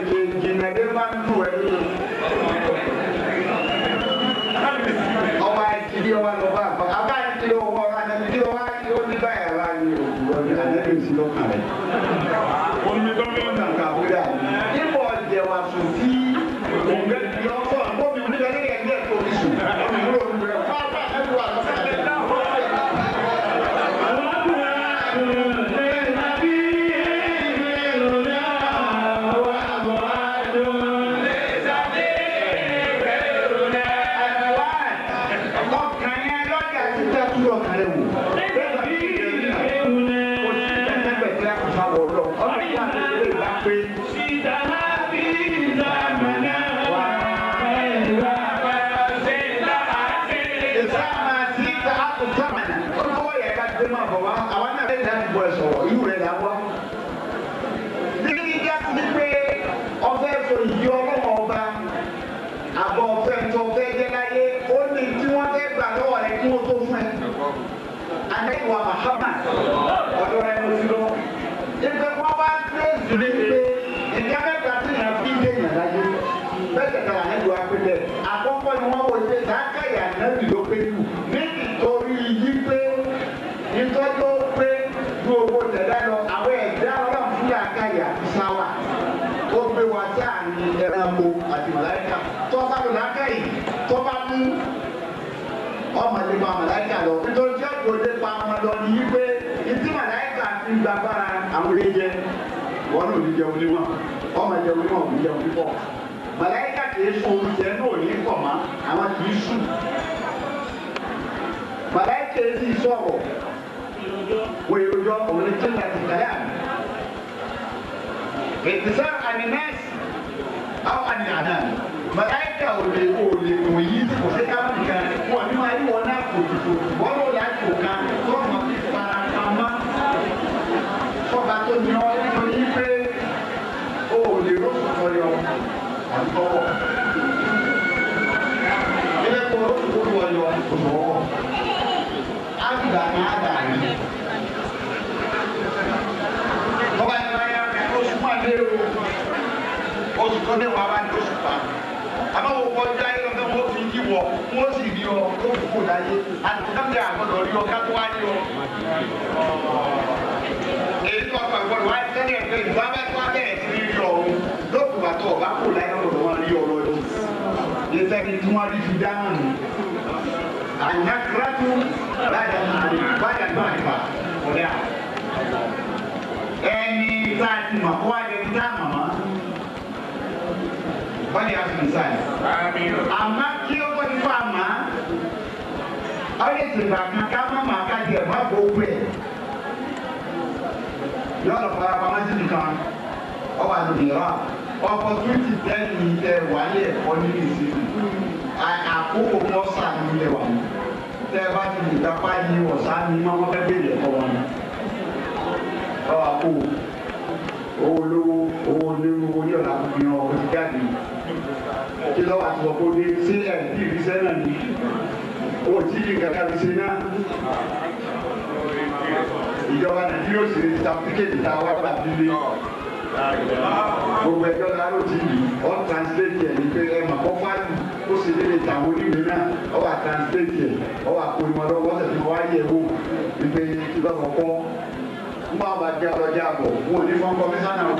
jẹun púpọ̀ màláìka kì í sun oúnjẹ ní òní pọ̀ mọ́ àwọn kì í sùn màláìka yìí sì sọ̀rọ̀ wòyòjọ́ òun ní jìnnà ti kàlẹ́ àná ètùsá àmì nẹ́ẹ̀sì àwọn àmì àná màláìka ò lè kò lè kò yí kò sí ká mú. oṣù kan mẹ́wàá wá ní oṣù kan àmọ́ wo kọjá yìí lọ́dọ̀ wọ́n fi yí wọ̀ wọ́n sì rí ọ tó kù kò láyé àti káfíà àgbọ̀dọ̀ rí ọ kátó wá rí ọ. èyí tó ọkọ̀ ìwọ̀n wá tẹ́lẹ̀ pé ìgbà bá tó abẹ́rẹ́ sí rí ọ òun lókùn àtọ̀ ọ̀bá kò láyé ọ̀dọ̀ wọn rí ọ lọ́dọ̀. yẹtẹ́ ni tí wọ́n rí fi dáná nù. àyàkúrátù báyà báyà gbàgbà ọ̀dà ẹni tá a ti mọ̀ kó wá jẹ wani afi misali ama kí ó bọ́ nípa àmà ọ̀rẹ́ ìtìgbà kan ká má má ká di ẹ̀fọ́ àpò òkú ẹ̀ yọ̀ọ̀lọ̀ fara pamọ́ sí nìkan ọwọ́ àdùnnìyàn ọkọ̀ tuntun tẹ́lẹ̀ ìtẹ̀ wálé ẹ̀kọ́ nínú ìsìn àkókò mọ́ sàn nílẹ̀ wà ní tẹ́ bá ti lè ni yí ọ̀sán ní mọ́ wọ́n fẹ́ bèèrè ẹ̀kọ́ wọn ni ọ̀pọ̀ owó olówó owó onírúurú oníọ̀là fi hàn ọkọ̀ ti jáde kí lọ́wọ́ àti sọ pé ó dé sí ẹ̀ǹtì náà ni ó tí kì í kàkà fi ṣe náà ìjọba nàìjíríà ó sì rí sàpíkèjì tá a wá gbà nílé gbogbo ẹjọ́ láró ti yìí ọ́ translate ẹ̀ ní pé ẹ mà kọ́ fáàlì ó sì lè tàwọn oníwèé náà ọ́ wà translate ẹ̀ ọ́ wà kó ìmọ̀ lọ́wọ́ ọ̀sẹ̀ tí wọ́n á yẹ̀ wò wípé kí lọ́kọ̀ kọ́ ń bá wọn jẹ́ ọlọ́jà àbọ̀ wọn ò ní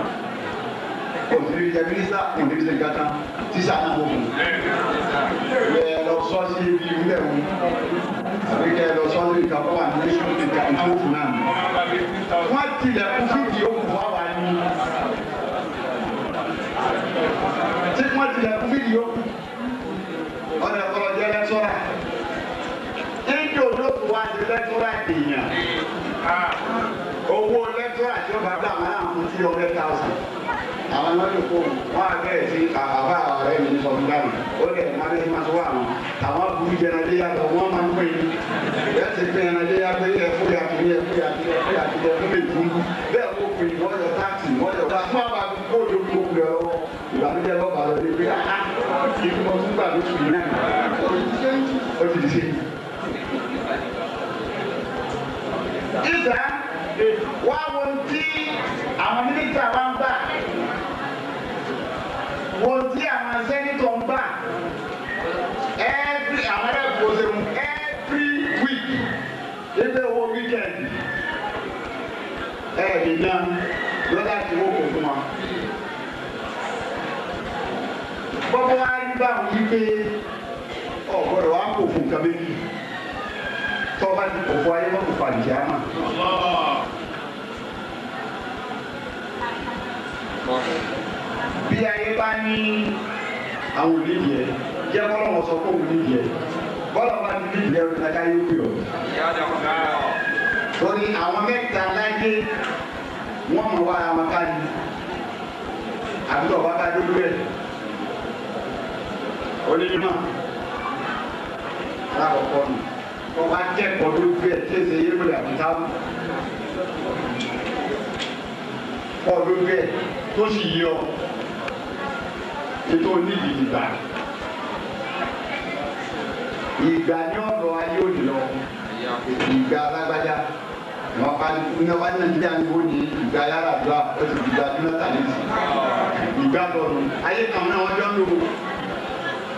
òsèlú ìjẹ mínísítà òní bí sèǹkà tán tíṣà náà mọ̀ fún un. ẹ lọ sọ sí ibi ìwúlẹ̀ wọn àbí kẹ lọ sọ sí ìka fún wa ní ìka ìtòwò fún náà. wọ́n tilẹ̀ kú fídì òkú wa wà ní. tí wọ́n tilẹ̀ kú fídì òkú ọ̀nà ìkọlọ̀jẹ́ lẹ́sọ̀rọ̀. ẹ̀ńdí òdòdó wa ti lẹ́sọ̀rọ̀ èèyàn náírà tí ó bá gbà wọn náà fún two hundred thousand àwọn náà yóò kó wọn abẹ́rẹ́ sí àbá ọ̀rẹ́ mi sọ fún báyìí ó lè má lè má sọ àwọn àwọn burú jẹnadé yàtọ̀ wọn máa ń pè é bẹ́ẹ̀ ti pè jẹnadé yàtọ̀ yẹ fún yàtọ̀ yẹ fún yàtọ̀ yẹ fún yàtọ̀ yẹ fún mi dùn bẹ́ẹ̀ kó pè é wọ́n yọ táàkì wọ́n yọ táàkì wọ́n bá kó kó o lọ ìbànújẹ́ lọ́ba lọ sí pé ìgbìmọ̀ tún gbà lóṣù yìí náà ó ṣe wá wọn tí àwọn mínísítà wa ń gbà wọn tí àwọn sẹ́nitọ̀ ń gbà every àwọn ẹ̀kọ́ ṣẹ̀mú every week ebe wo weekend ẹ̀ẹ́dì náà lọ́dà tí wọ́n kò fún wa. bọ́bọ́ wa rí báwọn yí pé ọ̀gbọ́dọ̀ wa kò fún kàmẹ́kì tó o bá ti kò fún ayé wọn kò pàdé yá mà. bí ayé bá ní àwọn òní yẹ jẹ́ kọ́ lọ́wọ́ sọ fún òní yẹ bọ́lá bá ti ní ìlẹ̀ òkúta káyé ó pè ọ́. ó ní àwọn mẹ́ta láyé wọ́n mọ̀ wá àwọn ká ní àbí tó o dé lórí ẹ̀ onímọ̀ lákòókò nù kọ́ wá kẹ́kọ̀ọ́ lójú ẹ̀ tí èsè yé múlẹ̀ àbúta kọ́ lójú ẹ̀ tó sì yọ ètò onídìí ìgbà ìgbà ní ọ̀rọ̀ ayé òní lọ ìgbà alágbájá wọn bá ní wọn nàìjíríà ní wọn ní ìgbà yàrá dùn ó ti ìgbà dúnátà ní ti ìgbà lọ́rùn ayé kan náà wọn jọ ń lò ó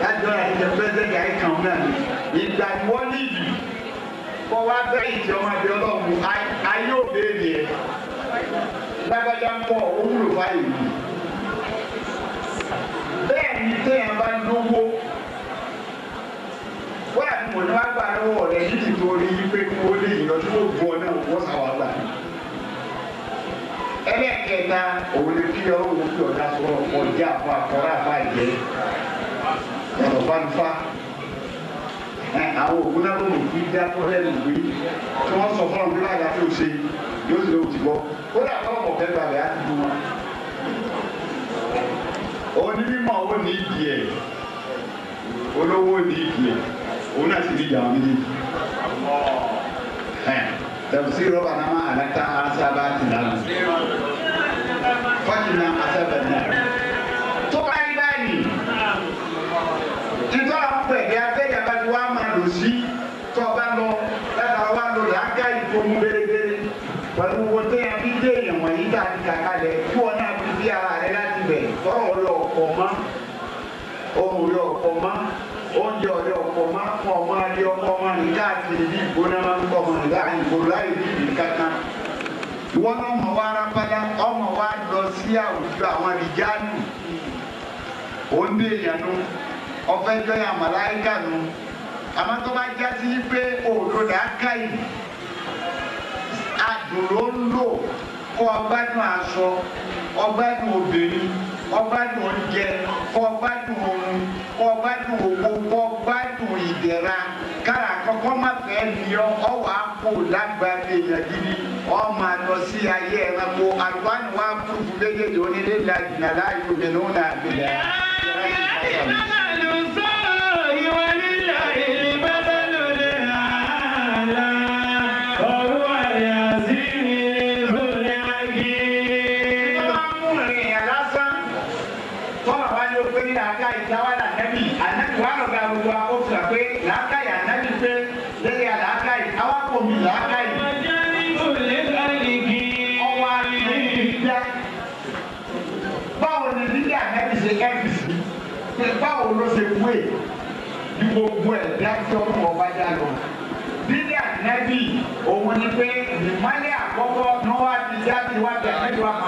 yájọ àti jẹ pẹsẹkì ìgbà ni wọ́n níbi kọ́ wá fẹ́ ìjì ọmọ àti ọlọ́run ayé òde ènìyàn lágbájá ń pọ̀ ó wúlò báyìí bẹ́ẹ̀ ni téèyàn bá lówó wọ́n àti mọ̀ ní wá gbà lọ́wọ́ rẹ̀ yìí nítorí pé kó lè yọjú ló gbọ́ náà wọ́n sàwọ́ gbà ẹlẹ́kẹta òun ni kí ọlọ́run fi ọ̀dà sọ̀rọ̀ ọjà àpò àkọ́rọ́ àbáyé ọ̀rọ̀ bá ń fa àwọn òkú náà ló mú kí dá tó rẹ̀ lù wí tí wọ́n sọ fún ọ̀gbìn láàgá tó ṣe yóò sì lóò ti gbọ́ ó dà bá ọmọ fẹ́ balẹ̀ á ti dùn wọn. onímọ̀ ó ní ìdí ẹ̀ olówó ní ìdí ẹ̀ òun náà sì ní ìjà wọn méjèèjì. tẹ̀sí rọ́bà náà máa àdáta asábà ti dáná. fọ́tìnà asábà ní onama ọmọnuga ànkóra ìdíje kankan wọn ọmọ wa rápálá ọmọ wa lọ sí àwùjọ àwọn àdìjánu òǹdè ìyànú ọfẹ jọyà màláìkà nù àmọ́ tó bá já sí pé òdòdó akáyì àdùrò ń lò kó ọgbádùn aṣọ ọgbádùn obìnrin ọgbádùn oúnjẹ kó ọgbádùn oorun kó ọgbádùn owó kó ọgbádùn ìdẹ̀ra kára àkọ́kọ́ má fẹ́ ni ọ ọ wàá kó lágbàdé yẹn gidi ọ máa lọ sí ayé ẹranko àlùbáni wàá kúrú méjèèjì onílé làjìnà láàyò mẹ́lẹ́ náà gbé yàrá ìfọ̀sọ̀rọ̀. gbogbo ẹ̀dá tí ọkùnrin ọba dá lọ. dídà nẹ́bì òun ni pé ìmọ̀lẹ́ àkọ́kọ́ ni wọ́n á ti jáde wájú àmẹ́jọ́ àkọ́kọ́.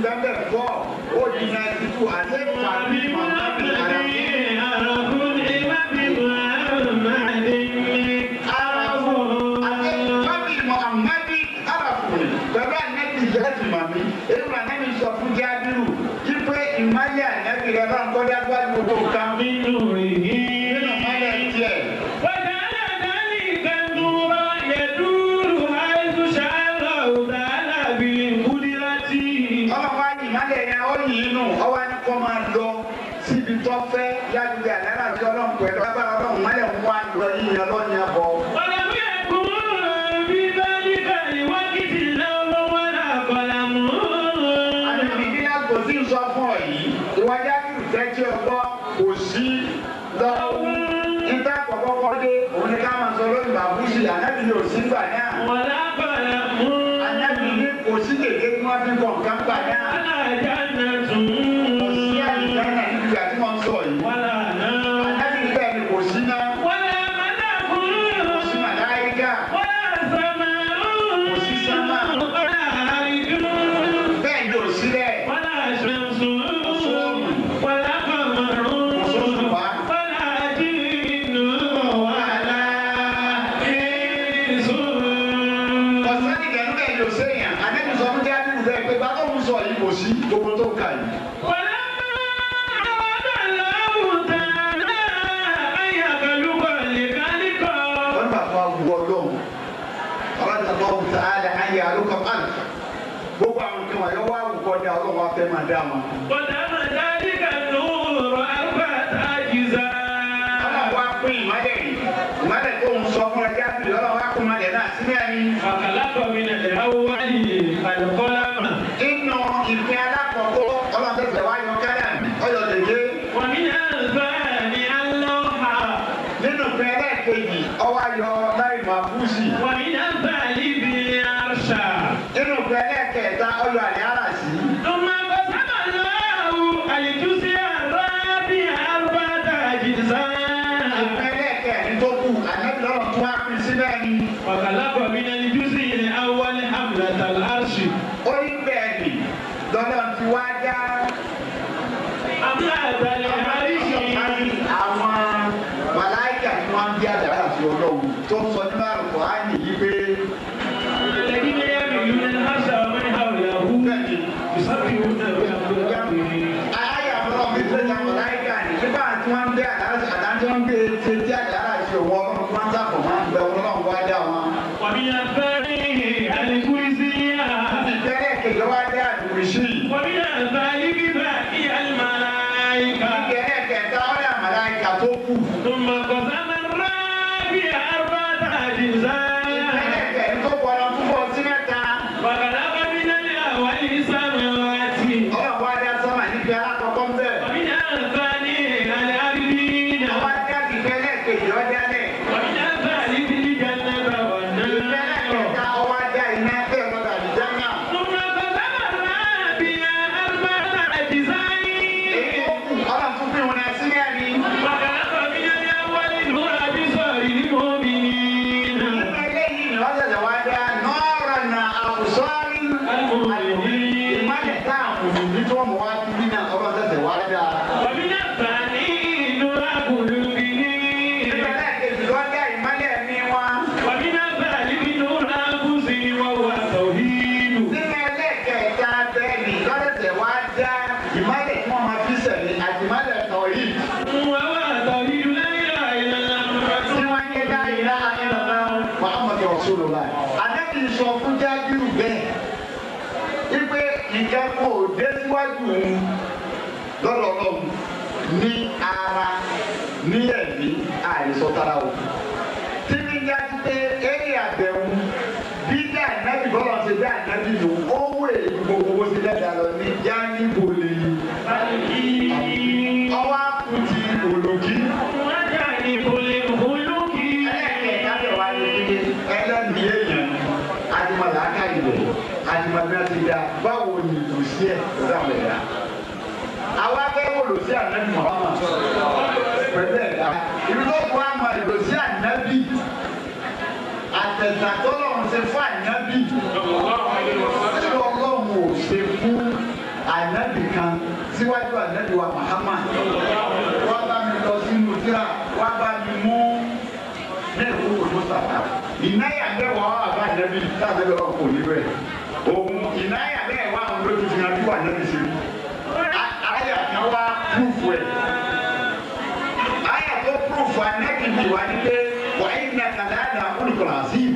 ń bẹ́ẹ̀ bọ̀ ó di náà dúdú àti ẹ̀ka kuma de la sibẹni. àkàlàkọ̀ mi nà lè awo wáyé àlùkọ́lá mà. inú ìpín alákọ̀ọ́kọ́ ọlọ́dẹ tẹ̀ wá yọ kẹ́lẹ́ mi ọyọ lèje. wà mí nà bá ní alọ́ha. nínú pẹ̀lẹ́ kejì ọwọ́ ayọ láì máa kú sí. wà mí nà bá níbi àṣà. nínú pẹ̀lẹ́ kẹta ọyọ àlẹ́ ara sí. ọmọ bàtàbà lọ́wọ́ àlejòsí àrà bí àrùbá tàjì sáà. ìpẹ̀lẹ́ kẹrin tó kù àná síbẹ̀ ni ọ̀gá lábọ̀ mi náà ní júùsì yìí nínú owó èyí gbogbo owó ti lẹ́dàá lọ ní jáníbo lè yí. ọwọ́ àkùtì òlòkì. jáníbo lè olókì. ẹlẹ́ẹ̀kẹ́ káfíń wa ni ẹlẹ́ni èèyàn adimọ̀lá ká ìlò adimọ̀lá ti da báwo ni ìlú sí ẹ̀ lọ́dọ̀ àwọn ẹ̀dá. àwa akẹ́kọ̀ọ́ lò sí àná ni pẹ̀lú ẹ̀dá. ìlú tó kọ́ àmọ́ ìlò sí àná bíi àtẹ̀tàtọ́lọ́run ṣe fún àná ṣe fún ànábì kan síwájú ànábì wa Muhammad wá bá mi lọ sínú tíra wá bá mi mú lẹ́ẹ̀kú òṣù sàtà ìnáyà bẹ́ẹ̀ wá wà bá ànábì sábẹ́ lọ́wọ́ kò ní bẹ́ẹ̀ òun ìnáyà bẹ́ẹ̀ wá àwọn olójú ti hàn bí wà ànábì ṣe rí àyà kan wá púrúfù ẹ̀ àyà tó púrúfù ànábì wà ní pé wà á yìí nàkàlà àdà olùkọ̀lá sí i.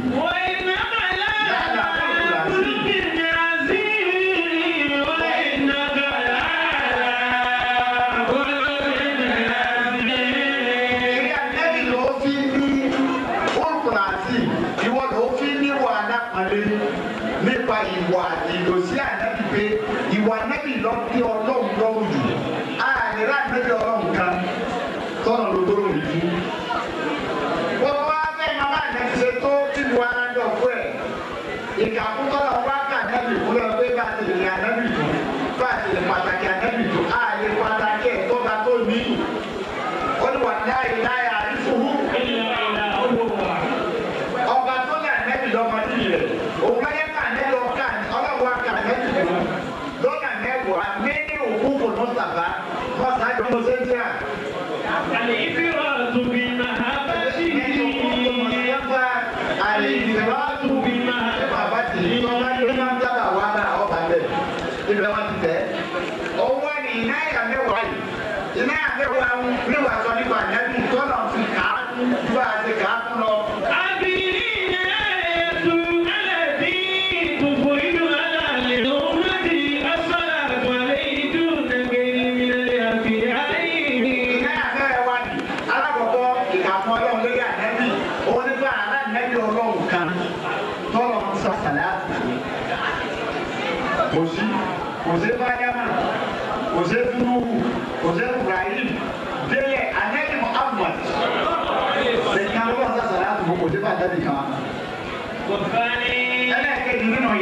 والثاني ألا تجمعنا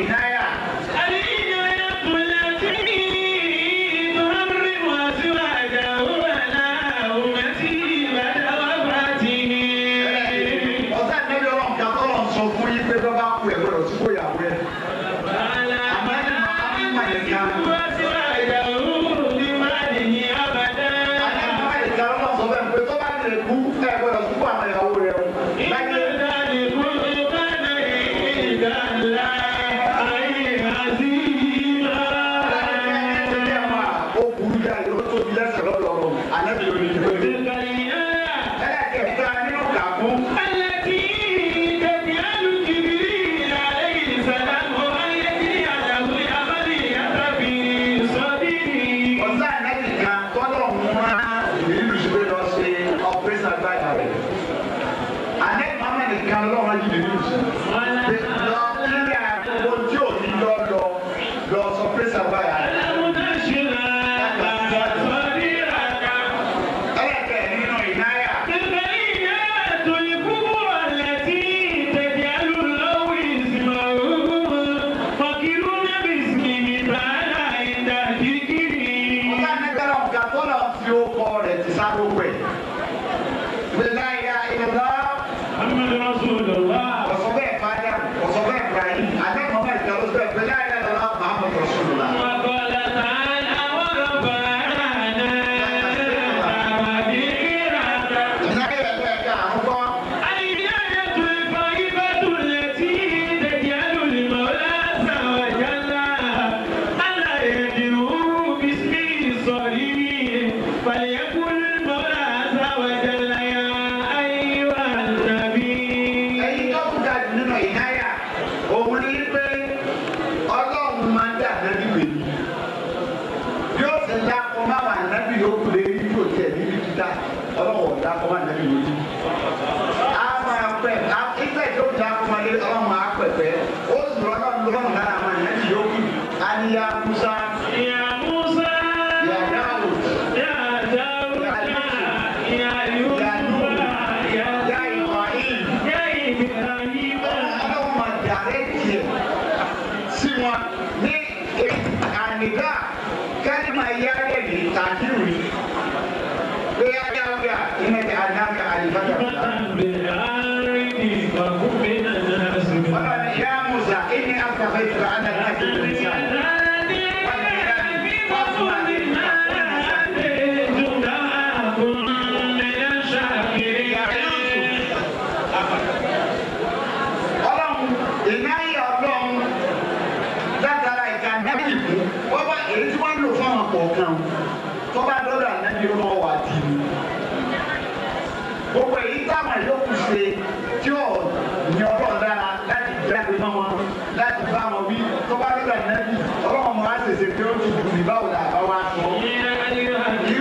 tó bá nílò ìnáyí ọlọ́run máa ṣèṣe pé ó ti kù ní báwo la bá wá sọ. irú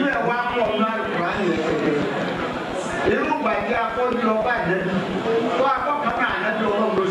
ẹ̀ wá pọ̀ ní àlùkò á yẹ kẹ̀kẹ́. irú gbàgbé afọ́jú lọ bá jẹ́ tó akọ́ kan náà ànájú ọlọ́run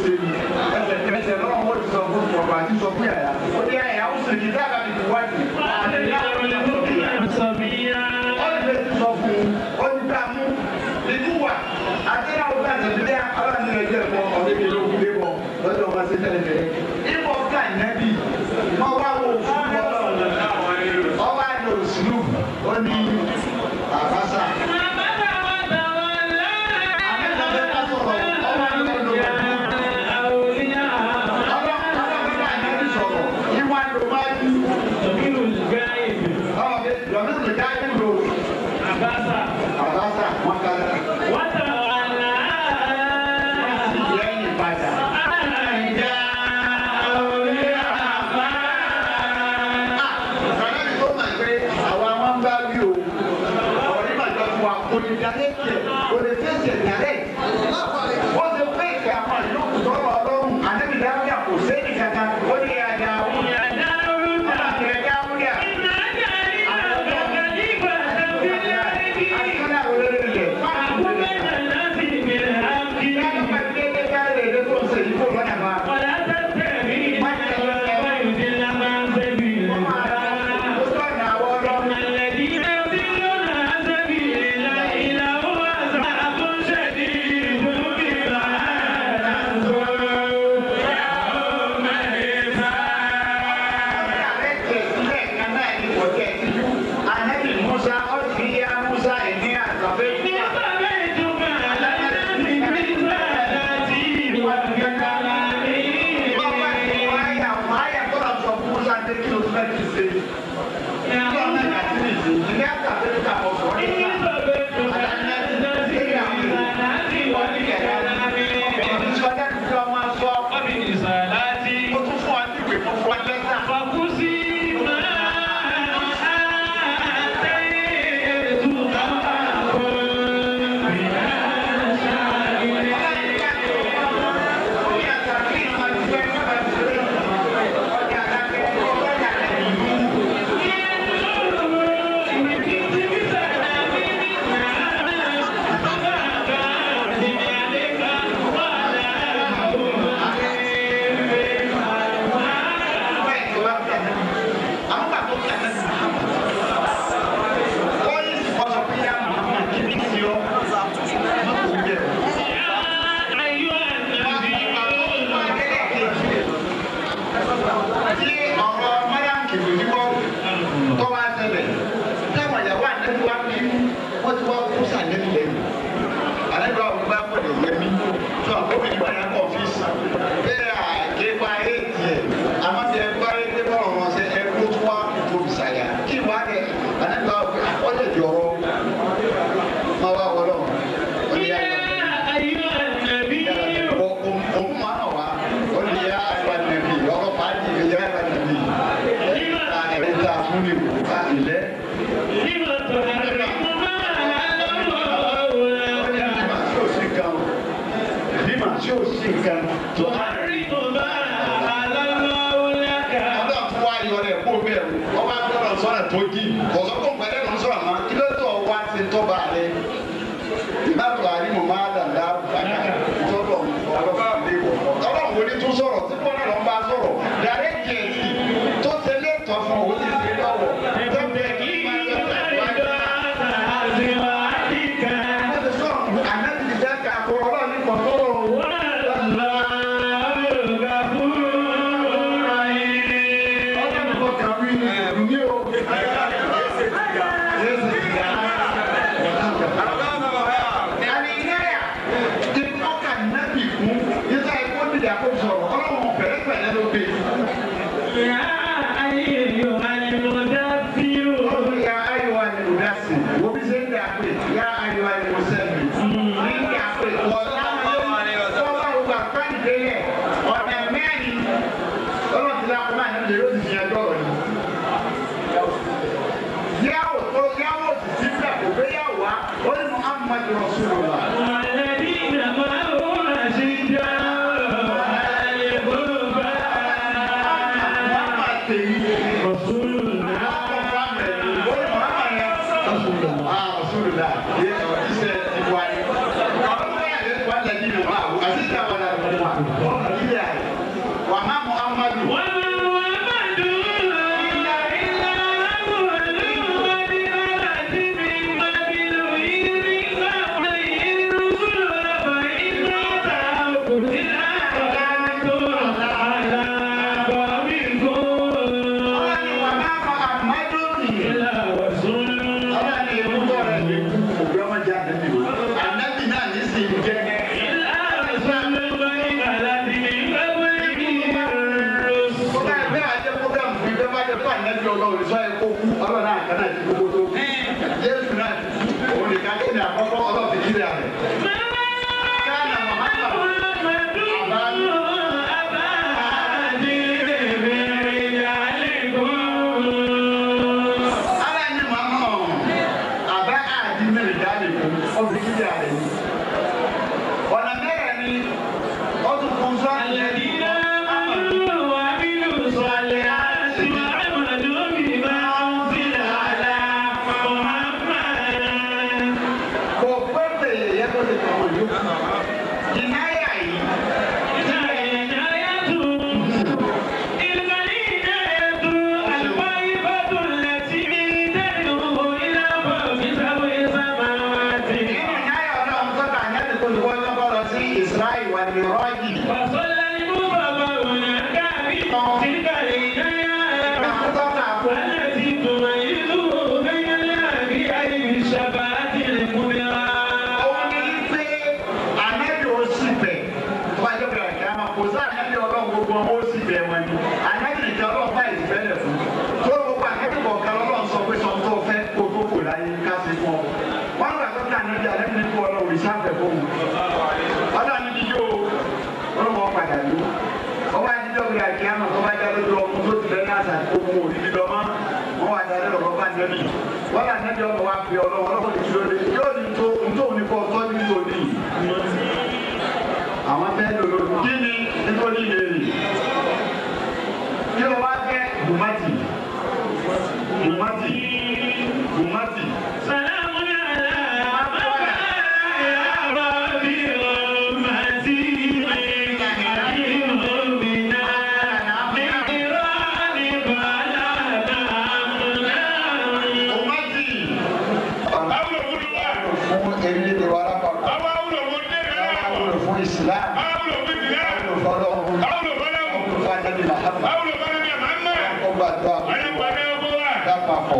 lápapọ̀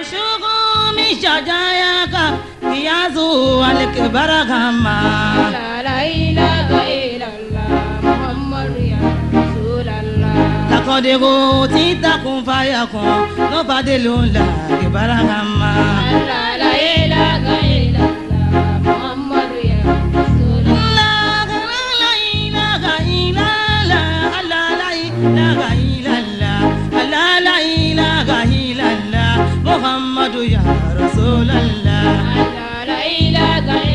ọ̀rọ̀ mi ṣàjà ya ka ìyá zu alẹ́kẹ̀ bára ka ma. làlàyé ìlàlá muhammadu ya rasulala. lakọ́dẹ́gò tí takùn fàyà kan lọ́ba délé ńlá kẹ̀ bára ka ma. يا رسول الله لا إله إلا